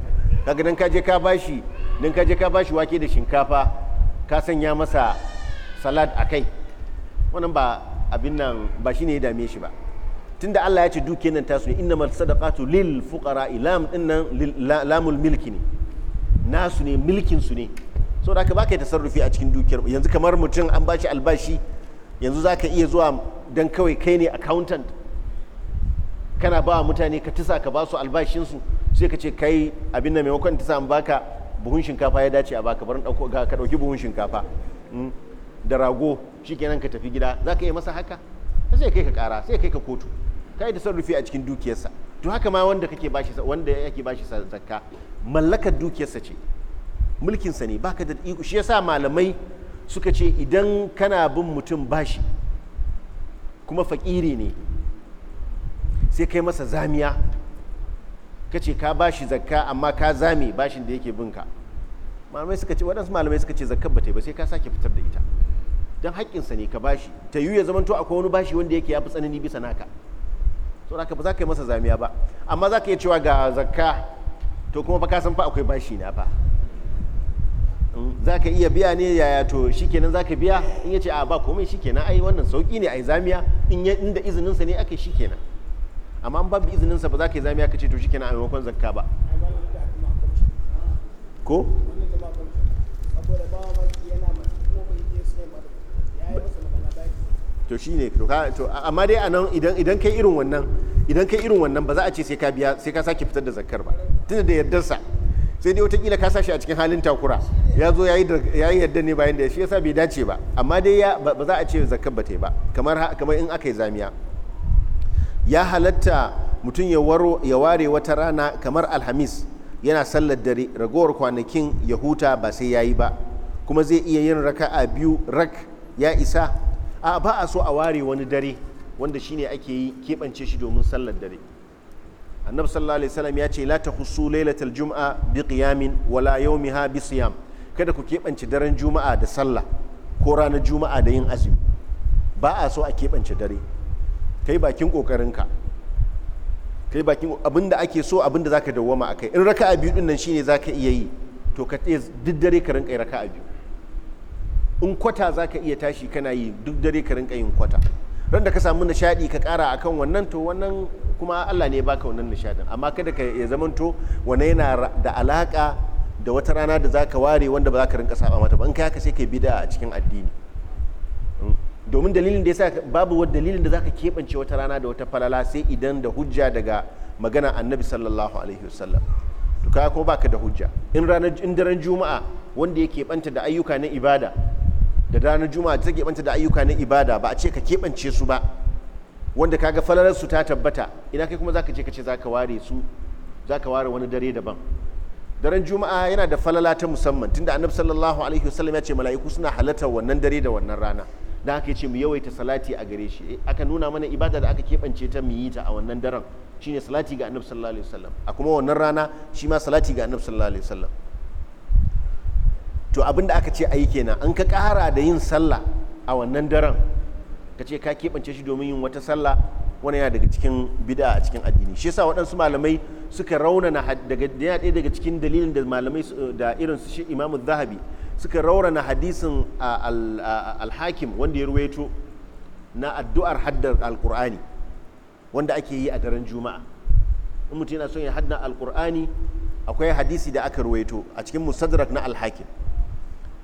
kaga dan kaje ka bashi dan kaje ka bashi wake da shinkafa ka sanya masa salad a kai wannan ba abin nan ba shine ya dame shi ba tunda Allah ya ce duke nan tasu ne innamal sadaqatu lil fuqara ilam dinnan lamul milki ne nasu ne milkin su ne da ba baka yi tasarrufi a cikin dukiyar yanzu kamar mutum an ba shi albashi yanzu zaka iya zuwa dan kawai kai ne accountant kana ba mutane ka tisa ka ba su albashin sai ka ce kai abin nan maimakon tisa an baka buhun shinkafa ya dace a baka bari ka dauki buhun shinkafa mm, da rago shikenan ka tafi gida za ka yi masa haka sai kai ka kara sai kai ka kotu ka da sarrufi a cikin dukiyarsa to haka ma wanda kake bashi wanda yake bashi zakka mallakar dukiyarsa ce mulkinsa ne baka da iko shi yasa malamai suka ce idan kana bin mutum bashi kuma fakiri ne sai kai masa zamiya ka ce ka bashi zakka amma ka zame bashin da yake binka malamai suka ce waɗansu malamai suka ce zakkar ba ta yi ba sai ka sake fitar da ita don haƙƙinsa ne ka bashi ta yiwu ya to akwai wani bashi wanda yake ya fi tsanani bisa naka saboda haka ba za ka yi masa zamiya ba amma za ka iya cewa ga zakka to kuma fa ka san fa akwai bashi na fa mm, za ka iya biya ne yaya to shikenan za ka biya in ya ce a ba komai shikenan ai wannan sauki ne ai zamiya in inda izininsa ne aka shikenan amma an babu izininsa ba za ka yi zamiya ka ce to shikenan a maimakon zakka ba ko? to shi ne to amma dai a idan idan kai irin wannan idan kai irin wannan ba za a ce sai ka biya sai ka sake fitar da zakkar ba tunda da yardar sa sai dai watakila ka sashi a cikin halin takura ya zo ya yi yarda ne bayan da shi yasa bai dace ba amma dai ba za a ce zakkar ba ta yi ba kamar kamar in aka yi zamiya ya halatta mutum ya ware wata rana kamar alhamis yana sallar dare ragowar kwanakin ya huta ba sai ya yi ba kuma zai iya yin raka'a biyu rak ya isa a ba a so a ware wani dare wanda shine ake yi keɓance shi domin sallar dare annabi sallallahu alaihi wasallam ya ce la tahussu lailatal jum'a bi qiyamin wala yawmiha bi siyam kada ku keɓance daren juma'a da sallah ko ranar juma'a da yin azumi ba a so a keɓance dare kai bakin kokarinka kai bakin abinda ake so abinda zaka dawwama akai in raka'a biyu din nan shine zaka iya yi to ka duk dare ka rinka raka'a biyu in kwata za ka iya tashi kana yi duk dare ka rinka yin kwata ran da ka samu nishadi ka kara akan wannan to wannan kuma Allah ne ya baka wannan nishadin amma kada ka ya zamanto wane yana da alaka da wata rana da za ka ware wanda ba za ka rinka saba mata ba in kai sai ka bida a cikin addini hmm. domin dalilin da yasa babu wani dalilin da za ka keɓance wata rana da wata falala sai idan da hujja daga magana annabi sallallahu alaihi wasallam to kuma baka da hujja in ranar in daren juma'a wanda ya keɓanta da ayyuka na ibada da ranar juma'a ta keɓanta da ayyuka na ibada ba a ce ka keɓance su ba wanda kaga falalarsu ta tabbata ina kai kuma zaka je ka ce zaka ware su zaka ware wani dare daban daren juma'a yana da falala ta musamman tunda annabi sallallahu alaihi wasallam ya ce mala'iku suna halatta wannan dare da wannan rana da haka ce mu yawaita salati a gare shi eh, aka nuna mana ibada da aka keɓance ta mu yi ta a wannan daren shine salati ga annabi sallallahu alaihi wasallam a kuma wannan rana shi ma salati ga annabi sallallahu alaihi wasallam to abin da aka ce ayi kenan an ka kara da yin sallah a wannan daren ka ce ka keɓance shi domin yin wata sallah wani yana daga cikin bida a cikin addini shi yasa waɗansu malamai suka raunana daga yana daga cikin dalilin da malamai da irin su shi imamu zahabi suka raunana hadisin alhakim wanda ya ruwaito na addu'ar haddar alkur'ani wanda ake yi a daren juma'a in mutum yana son ya hadda alkur'ani akwai hadisi da aka ruwaito a cikin musadrak na alhakim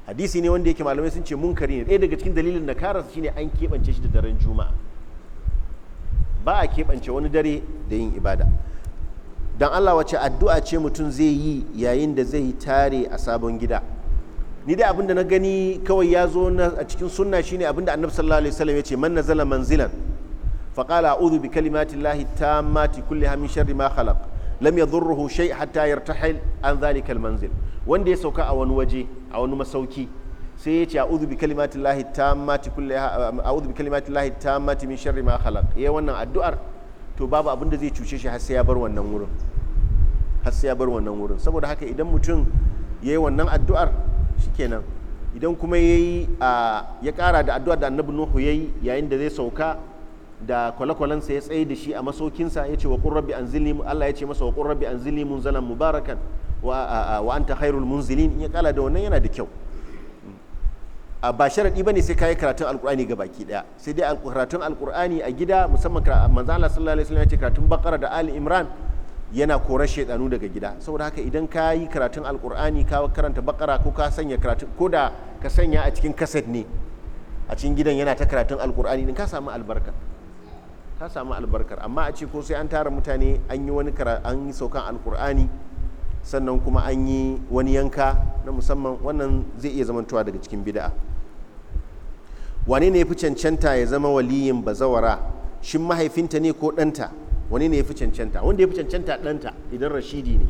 hadisi ne wanda yake malamai sun ce munkari ne ɗaya daga cikin dalilin na karasa shine an keɓance shi da daren juma'a ba a keɓance wani dare da yin ibada don allah wace addu'a ce mutum zai yi yayin da zai tare a sabon gida ni dai abinda na gani kawai ya zo a cikin sunna shine abinda annabi sallallahu alaihi wasallam ya ce man nazala manzilan faqala a'udhu bi kalimati llahi tammati kulliha min sharri ma khalaq lam yadhurruhu shay hatta yartahil an dhalika almanzil wanda ya sauka a wani waje a wani masauki sai ya ce a'udhu bi kalimatillahi tammati kulli a'udhu bi tammati min sharri ma khalaq yayi wannan addu'ar to babu abin da zai cuce shi har sai ya bar wannan wurin har sai ya bar wannan wurin saboda haka idan mutum yayi wannan addu'ar shikenan idan kuma yayi ya kara da addu'ar da annabi nuhu yayi yayin da zai sauka da kwale-kwalensa ya tsaye da shi a masaukinsa ya ce wa ƙurrabi an zili Allah ya ce masa wa ƙurrabi an zili munzalan mubarakan wa anta khairul munzilin in ya kala da wannan yana da kyau a ba sharaɗi ba ne sai kai karatun alƙur'ani ga baki ɗaya sai dai karatun alƙur'ani a gida musamman manzo Allah sallallahu alaihi wasallam ya ce karatun bakara da ali imran yana korar shaidanu daga gida saboda haka idan ka yi karatun alkur'ani ka karanta bakara ko ka sanya karatun ko da ka sanya a cikin kaset ne a cikin gidan yana ta karatun alkur'ani din ka samu albarka ta samu albarkar amma a ce ko sai an tara mutane an yi wani an yi saukan alkur'ani sannan kuma an yi wani yanka na musamman wannan zai iya zamantowa daga cikin bida'a wane ne ya fi cancanta ya zama waliyin bazawara shin mahaifinta ne ko ɗanta wane ne ya fi cancanta wanda ya fi cancanta ɗanta idan rashidi ne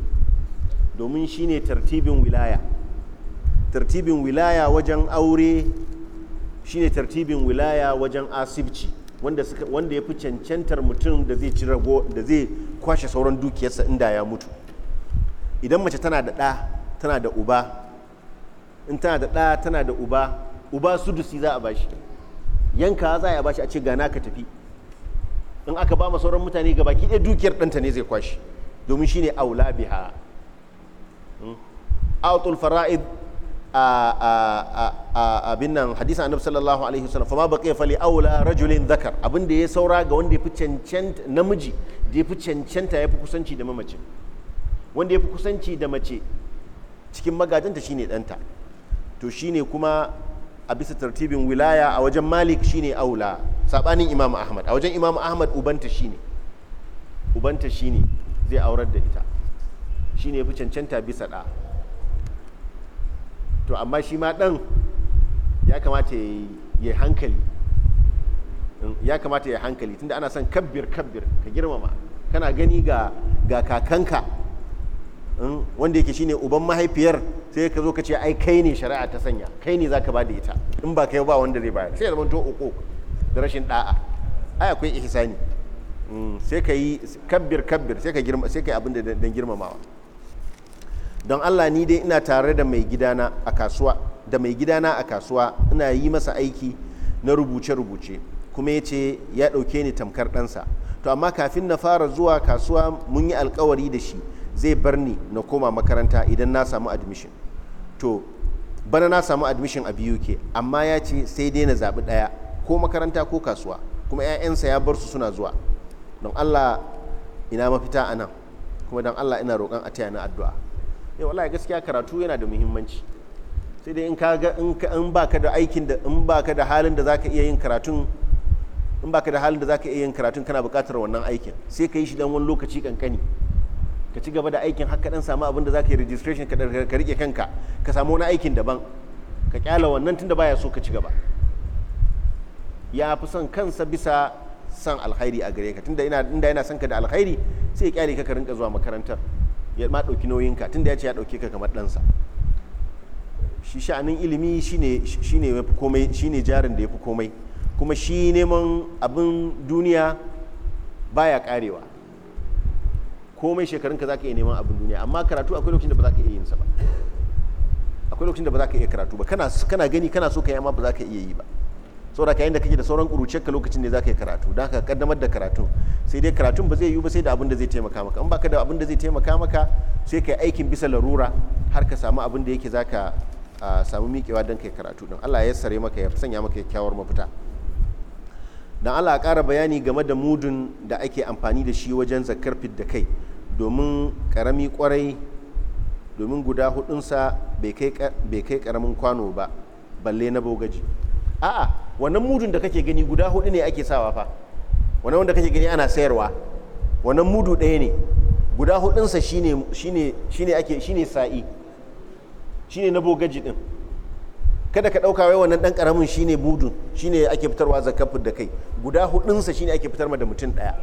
domin shi ne tartibin wilaya tartibin wilaya wajen aure shi ne tartibin wilaya wajen asibci wanda suka wanda ya fi cancantar mutum da zai ci rago da zai kwashe sauran dukiyarsa inda ya mutu idan mace tana da ɗa tana da uba in tana da ɗa tana da uba uba su dusi za a bashi yanka za a bashi a ce gana ka tafi in aka ba sauran mutane ga baki ɗaya dukiyar ɗanta ne zai kwashe domin shine aula biha hmm? autul fara'id abin nan hadisan annabi sallallahu alaihi wasallam fa ma fa li aula rajulin dhakar abin da ya saura ga wanda ya fi cancanta namiji da ya fi cancanta ya fi kusanci da mamace wanda ya fi kusanci da mace cikin magajanta shine danta to shine kuma a bisa tartibin wilaya a wajen malik shine aula sabanin imam ahmad a wajen imam ahmad ubanta shine ubanta shine zai aurar da ita shine ya fi cancanta bisa da to amma shi ma ɗan ya kamata ya yi hankali ya kamata ya hankali tunda ana son kabbir kabbir ka girmama kana gani ga ga kakanka mm, wanda yake shine uban mahaifiyar sai ka zo ka ce ai kai ne shari'a ta sanya kai ne zaka bada ita in ba kai ba wanda zai bayar sai ya zama to uku da rashin da'a ai akwai ihsani mm, sai ka yi kabbir kabbir sai ka girma sai ka yi abin da dan girmamawa don Allah ni dai ina tare da mai gidana a kasuwa da mai gidana a kasuwa ina yi masa aiki na rubuce-rubuce kuma ya ce ya ɗauke ni tamkar ɗansa to amma kafin na fara zuwa kasuwa mun yi alkawari da shi zai bar ni na koma makaranta idan na samu admission to bana na samu admission a ke amma ya ce sai dai na zaɓi ɗaya ko makaranta ko kasuwa kuma 'ya'yansa ya bar su suna zuwa don Allah ina mafita a nan kuma don Allah ina roƙon a taya na addu'a ya eh, wallahi gaskiya karatu yana da muhimmanci sai dai in ka ga in baka da aikin da in baka da halin da zaka iya yin karatun in baka da halin da zaka iya yin karatun kana buƙatar wannan aikin sai ka yi shi dan wani lokaci kankani ka ci gaba da aikin haka dan samu abin da zaka yi registration ka ka rike kanka ka samu wani aikin daban ka kyala wannan tunda baya so ka ci gaba ya fi son kansa bisa san alkhairi a gare ka tunda ina inda yana son ka da alkhairi sai ya kyale ka ka rinka zuwa makarantar ya ma ɗauki tun tunda ya ce ya ɗauke ka kamar ɗansa shi sha'anin ilimi shine ya fi komai shine jarin da ya fi komai kuma shi neman abin duniya baya karewa komai ka za ka iya neman abin duniya amma karatu akwai lokacin da ba za ka iya yin sa ba akwai lokacin da ba za ka iya karatu ba kana gani kana so ka yi amma ba za ka iya yi ba saboda ka yayin da kake da sauran ka lokacin ne za ka yi karatu don ka kaddamar da karatu sai dai karatun ba zai yiwu ba sai da abin da zai taimaka maka in baka da abin da zai taimaka maka sai ka yi aikin bisa larura har ka samu abin da yake za ka samu miƙewa don ka yi karatu don Allah ya sare maka ya sanya maka kyakkyawar mafita don Allah ƙara bayani game da mudun da ake amfani da shi wajen zakar fit da kai domin ƙarami kwarai domin guda hudunsa bai kai ƙaramin kwano ba balle na bogaji a'a wannan mudun da kake gani guda hudu ne ake sawa fa wannan wanda kake gani ana sayarwa wannan mudu ɗaya ne guda hudunsa shine shine shine ake shine sa'i shine na bogaji din kada ka dauka wai wannan ɗan ƙaramin shine mudun shine ake fitarwa zakafin da kai guda hudunsa shine ake fitar da mutum ɗaya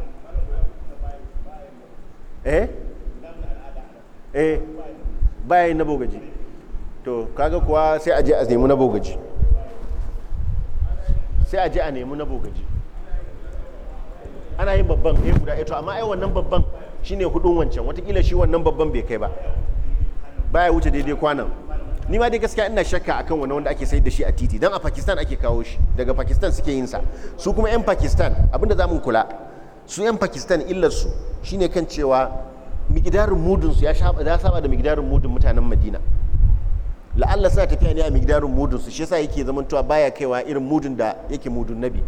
eh eh bayan na bogaji to kaga kuwa sai a je a nemi na bogaji sai a je a nemi na bogaji ana yin babban eh, ɗaya guda ito amma ai wannan babban shine hudun wancan watakila shi wannan babban bai kai ba baya wuce daidai kwanan ni ma dai gaskiya ina shakka akan wani wanda ake sayar da shi a titi dan a Pakistan ake kawo shi daga Pakistan suke yin sa su kuma yan Pakistan abinda za mu kula su yan Pakistan illar su shine kan cewa miqdarin mudun su ya saba da miqdarin mudun mutanen Madina la'alla suna tafiya ne a migdarin mudun su shi yasa yake zamantawa baya kaiwa irin mudun da yake mudun nabi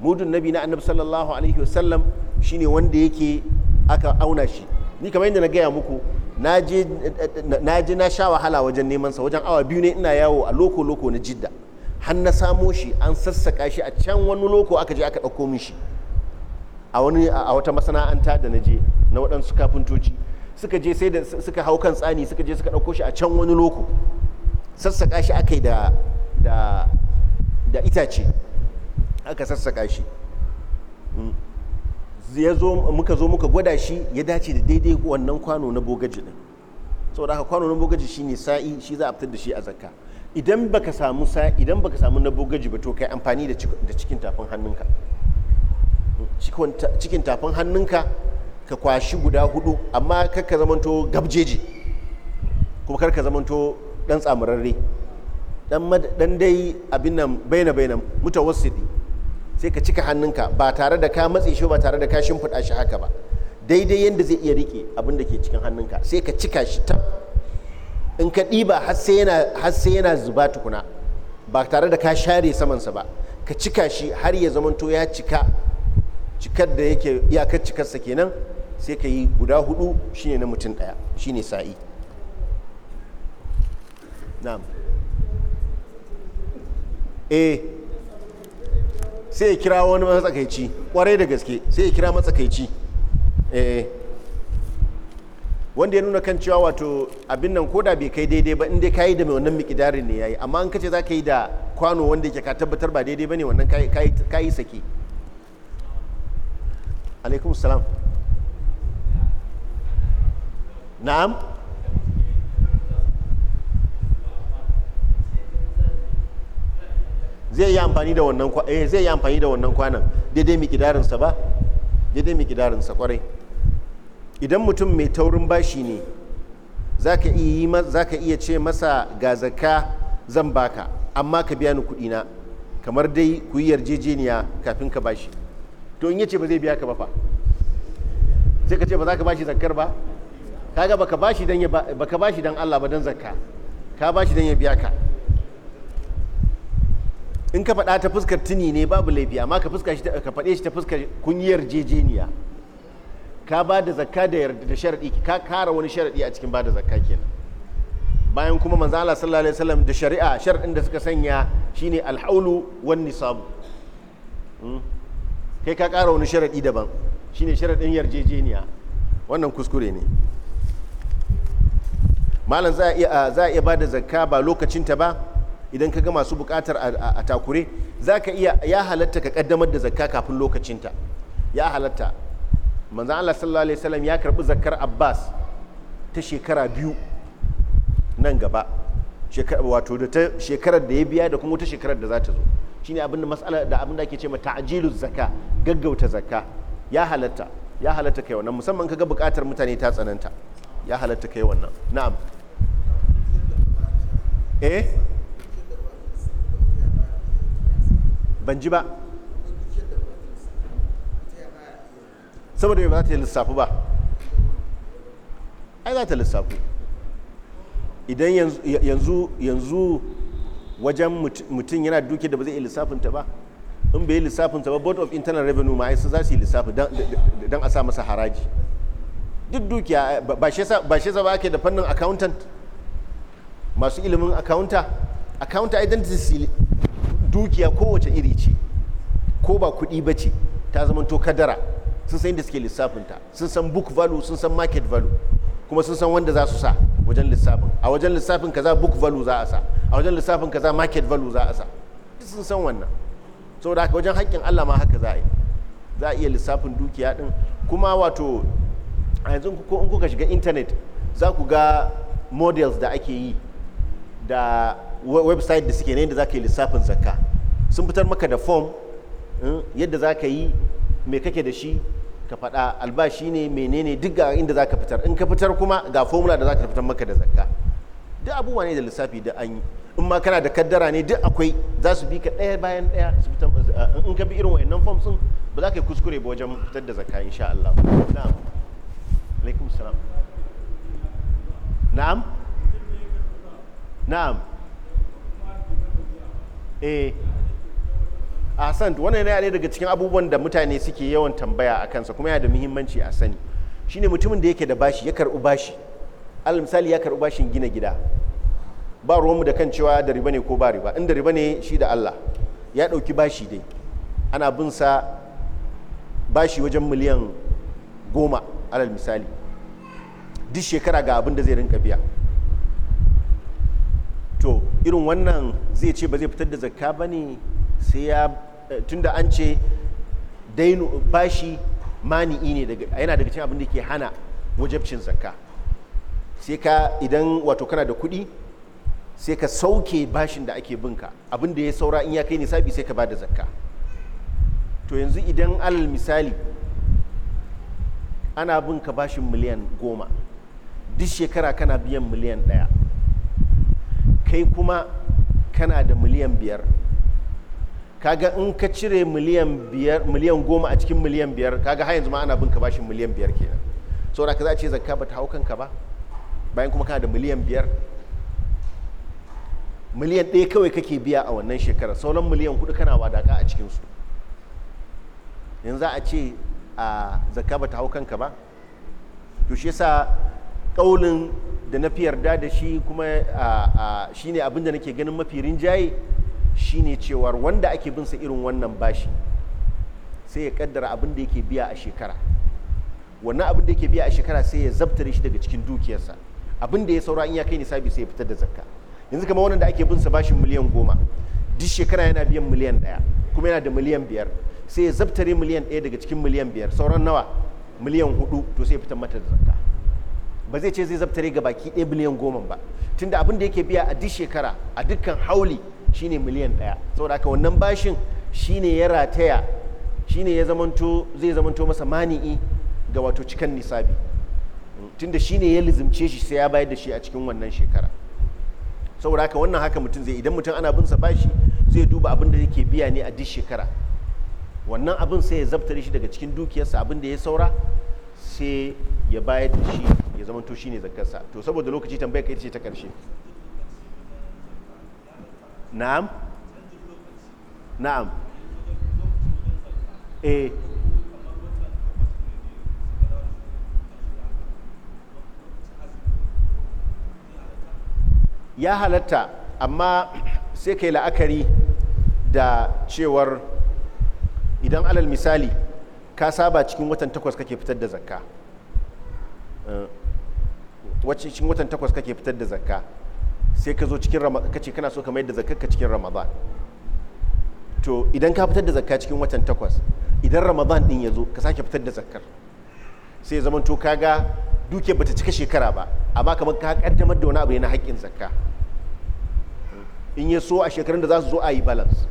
mudun nabi na annabi sallallahu alaihi wasallam shine wanda yake aka auna shi ni kamar yadda na gaya muku na je na sha wahala wajen neman sa wajen awa biyu ne ina yawo a loko loko na jidda har na samo shi an sassaka shi a can wani loko aka je aka ɗauko min shi a wani a wata masana'anta da na je na waɗansu kafintoci suka je sai da suka hau kan tsani suka je suka ɗauko shi a can wani loko sassaƙa shi aka yi da da itace aka sassaƙa shi mm. ya zo muka zo muka gwada shi ya dace da daidai wannan kwano na bogaji din saboda haka kwano na bogaji shine sa'i shi za a fitar da shi a zakka idan baka samu sa idan baka samu na bogaji ba to kai amfani da cikin tafin hannunka mm. cikin tafin hannunka ka kwashi guda hudu amma karka zamanto gabjeji kuma karka zamanto dan tsamurarre dan dai abin nan baina baina mutawassiti sai ka cika hannunka ba tare da ka matse shi ba tare da ka shimfida shi haka ba daidai yanda zai iya rike abin da ke cikin hannunka sai ka cika shi ta in ka ɗiba har sai yana zuba tukuna ba tare da ka share samansa ba ka cika shi har ya zamanto ya cika cikar da yake iyakar cikarsa kenan sai ka yi guda hudu shine na mutum daya shine sa'i na'am e sai ya kira wani matsakaici kwarai da gaske sai ya kira matsakaici eh wanda ya nuna kan cewa wato abin nan koda bai kai daidai ba inda ka yi da mai wannan mikidarin ne ya yi amma an kace za ka yi da kwano wanda ke ka tabbatar ba daidai ba ne wannan ka yi sake alaikum salam na'am zai yi amfani da wannan eh zai yi amfani da wannan kwanan daidai mikidarinsa ba daidai mikidarinsa kwarai idan mutum mai taurin bashi ne za ka iya ce masa ga zaka zan baka amma ka biya ni na kamar dai ku yi yarjejeniya kafin ka bashi to in yace ba zai biya ka ba fa sai ka ce ba za ka bashi zakkar ba kaga baka bashi dan baka bashi dan Allah ba dan zakka ka bashi dan ya biya ka in ka faɗa ta fuskar tuni ne babu laifi amma ka fuska shi ka faɗe shi ta fuskar kunyar jejeniya ka ba da zakka da yarda da sharadi ka kara wani sharadi a cikin ba da zakka kenan bayan kuma manzo Allah sallallahu alaihi wasallam da shari'a sharadin da suka sanya shine alhaulu wan nisab hmm? kai ka kara wani sharadi daban shine sharadin yarjejeniya wannan kuskure ne malam za a iya ba da zakka ba lokacinta ba idan ka ga masu bukatar a takure za ka iya ya halatta ka kaddamar da zakka kafin lokacinta ya halatta manzan Allah sallallahu alaihi wasallam ya karbi zakkar Abbas ta shekara biyu nan gaba wato da ta shekarar da ya biya da kuma wata shekarar da za ta zo shine abin da matsala da abin da ake ce ma ta'jilu zakka gaggauta zakka ya halatta ya halatta kai wannan musamman kaga bukatar mutane ta tsananta ya halatta kai wannan na'am eh ban ji ba saboda ba za ta yi lissafi ba ai za ta lissafi idan yanzu yanzu wajen mutum yana duke da ba zai yi lissafinta ba in bai yi lissafinta ba board of internal revenue ma sun za su yi lissafi don a sa masa haraji duk dukiya ba shi ba ake da fannin accountant masu ilimin accounta accounta identity dukiya kowace iri ce ko ba kuɗi ba ce ta zama to kadara sun san inda suke lissafinta sun san book value sun san market value kuma sun san wanda za su sa wajen lissafin a wajen lissafin kaza book value za a sa a wajen lissafin kaza market value za a sa sun san wannan saboda haka wajen haƙƙin Allah ma haka za a yi za a iya lissafin dukiya din kuma wato a yanzu ko in kuka shiga intanet za ku ga models da ake yi da website da suke na yadda za ka yi lissafin zakka sun fitar maka da form hmm, yadda za ka yi mai kake da shi ka faɗa albashi ne menene duk ga inda za ka fitar in ka fitar kuma ga formula da za ka fitar maka da zakka duk abubuwa ne da lissafi da an yi in ma kana da kaddara ne duk akwai za su bi ka ɗaya bayan ɗaya su fitar eh, in ka bi irin wayannan forms din ba za ka yi kuskure ba wajen fitar da zakka insha Allah na'am alaikum salam na'am na'am eh asan wannan yana ɗaya daga cikin abubuwan da mutane suke yawan tambaya a kansa kuma yana da muhimmanci a sani shine mutumin da yake da bashi ya karɓi bashi alal misali ya karɓi bashin gina gida ba ruwanmu da kan cewa da riba ne ko ba riba in da riba ne shi da Allah ya ɗauki bashi dai ana bin sa bashi wajen miliyan goma alal misali duk shekara ga abin da zai rinka biya irin wannan zai ce ba zai fitar da zakka ba ne sai ya eh, tunda an ce dainu bashi mani'i ne yana daga cin abin da ke hana wajabcin zakka sai ka idan wato kana da kuɗi sai ka sauke bashin da ake binka abin da ya saura in ya kai nisabi sai ka ba da zakka to yanzu idan alal misali ana binka bashin miliyan goma duk shekara kana biyan miliyan ɗaya kai kuma kana da miliyan biyar kaga in ka cire miliyan biyar miliyan goma a cikin miliyan biyar kaga har yanzu ma ana bin ka bashin miliyan biyar kenan saboda ka za a ce zakka ba ta hau kanka ba bayan kuma kana da miliyan biyar miliyan ɗaya kawai kake biya a wannan shekarar sauran miliyan hudu kana wadaka a cikinsu yanzu za a ce a zakka ba ta hau kanka ba to shi yasa ƙaunin da na fi yarda da shi kuma shi ne abinda nake ganin mafi rinjaye shi ne cewar wanda ake binsa irin wannan bashi sai ya kaddara abinda yake biya a shekara wannan abinda yake biya a shekara sai ya zabtare shi daga cikin dukiyarsa abinda ya saura in ya kai nisabi sai ya fitar da zakka yanzu kamar wannan da ake binsa bashin miliyan goma duk shekara yana biyan miliyan daya kuma yana da miliyan biyar sai ya zabtare miliyan daya daga cikin miliyan biyar sauran nawa miliyan hudu to sai ya fitar mata da zakka ba zai ce zai zabtare ga baki ɗaya biliyan goma ba tunda abin da yake biya a duk shekara a dukkan hauli shine miliyan ɗaya saboda haka wannan bashin shine ya rataya shine ya zamanto zai zamanto masa mani'i ga wato cikan nisabi tunda shine ya lizimce shi sai ya bayar da shi a cikin wannan shekara saboda haka wannan haka mutum zai idan mutum ana sa bashi zai duba abin da yake biya ne a duk shekara wannan abin sai ya zabtare shi daga cikin dukiyarsa abin da ya saura sai ya bayar da shi ya zama to ne zakarsa to saboda lokaci tambayar ka ce ta karshe na'am na'am eh ya halatta amma sai kai la'akari da cewar idan alal misali ka saba cikin watan takwas kake fitar da zakka eh, wacce cikin watan takwas kake fitar da zakka sai ka zo cikin ramadan kace kana so ka mai da zakka cikin ramadan to idan ka fitar da zakka cikin watan takwas idan ramadan din ya zo ka sake fitar da zakkar sai zaman to kaga duke bata cika shekara ba amma kamar ka kaddamar da wani abu yana haƙƙin zakka in ya so a shekarun da za su zo a yi balance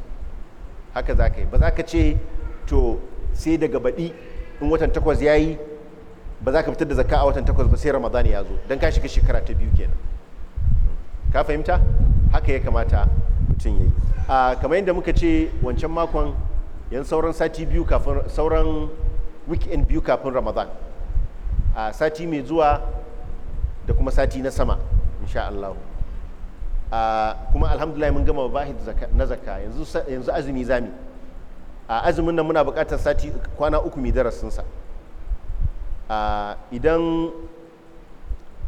haka za ka yi ba za ka ce to sai daga baɗi in watan takwas ya yi ba za ka fitar da zakka a watan takwas ba sai ramadan ya zo don ka shiga shekara ta biyu kenan ka fahimta haka ya kamata mutum ya yi kama kamar yadda muka ce wancan makon yan sauran sati biyu kafin sauran weekend biyu kafin ramadan a sati mai zuwa da kuma sati na sama insha Allah kuma alhamdulillah mun gama ba na zakka yanzu azumi zami a azumin nan muna buƙatar sati kwana uku mai darasinsa idan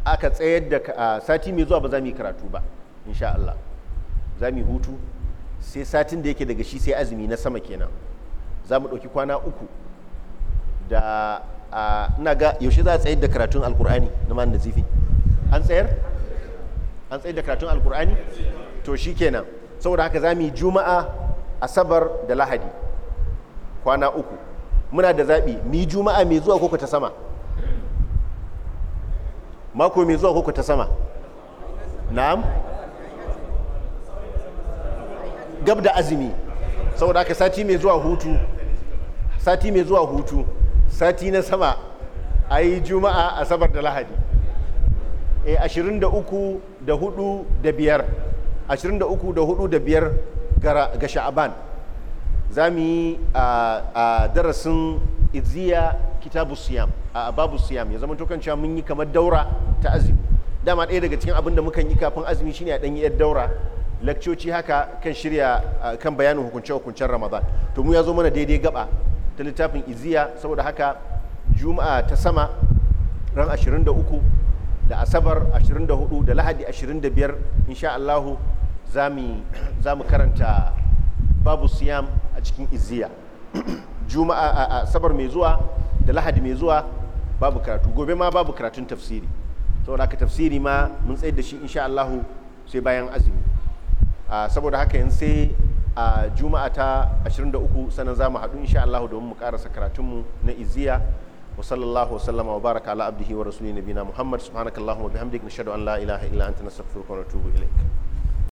aka tsayar da sati mai zuwa ba za mu yi karatu ba insha Allah za mu yi hutu sai satin da yake daga shi sai azumi na sama kenan za mu ɗauki kwana uku da ina ga yaushe za a tsayar da karatun alkur'ani na man nazifi an tsayar an tsayar da karatun alkur'ani to shi kenan saboda haka za mu yi juma'a asabar da lahadi kwana uku muna da zaɓi mi juma'a mai zuwa koko ta sama mako mai zuwa koko ta sama na'am gab da azumi saboda aka sati mai zuwa hutu sati mai zuwa hutu sati na sama a yi juma'a asabar da lahadi e eh, 23 da 4 da 5 23 da 4 da 5 ga sha'aban za mu yi a darasin iziya kitabu siyam a babu siyam ya zama tokan cewa mun yi kamar daura ta azumi dama ɗaya daga cikin abin da mukan yi kafin azumi shine a ɗan yi yar daura lakcoci haka kan shirya kan bayanin hukunce hukuncen ramadan to mu ya zo mana daidai gaba ta littafin iziya saboda haka juma'a ta sama ran 23 da asabar 24 da lahadi 25 insha Allahu za mu karanta babu siyam a cikin iziya juma'a a sabar mai zuwa da lahadi mai zuwa babu karatu gobe ma babu karatun tafsiri saboda haka tafsiri ma mun tsayar da shi insha Allahu sai bayan azumi saboda haka yanzu sai a juma'a ta 23 sanan za mu haɗu insha Allahu domin mu karasa karatunmu na iziya wa sallallahu wa sallama wa baraka ala abdihi wa rasulina nabina muhammad subhanakallahumma bihamdik nashhadu an la ilaha illa anta nastaghfiruka wa natubu ilaik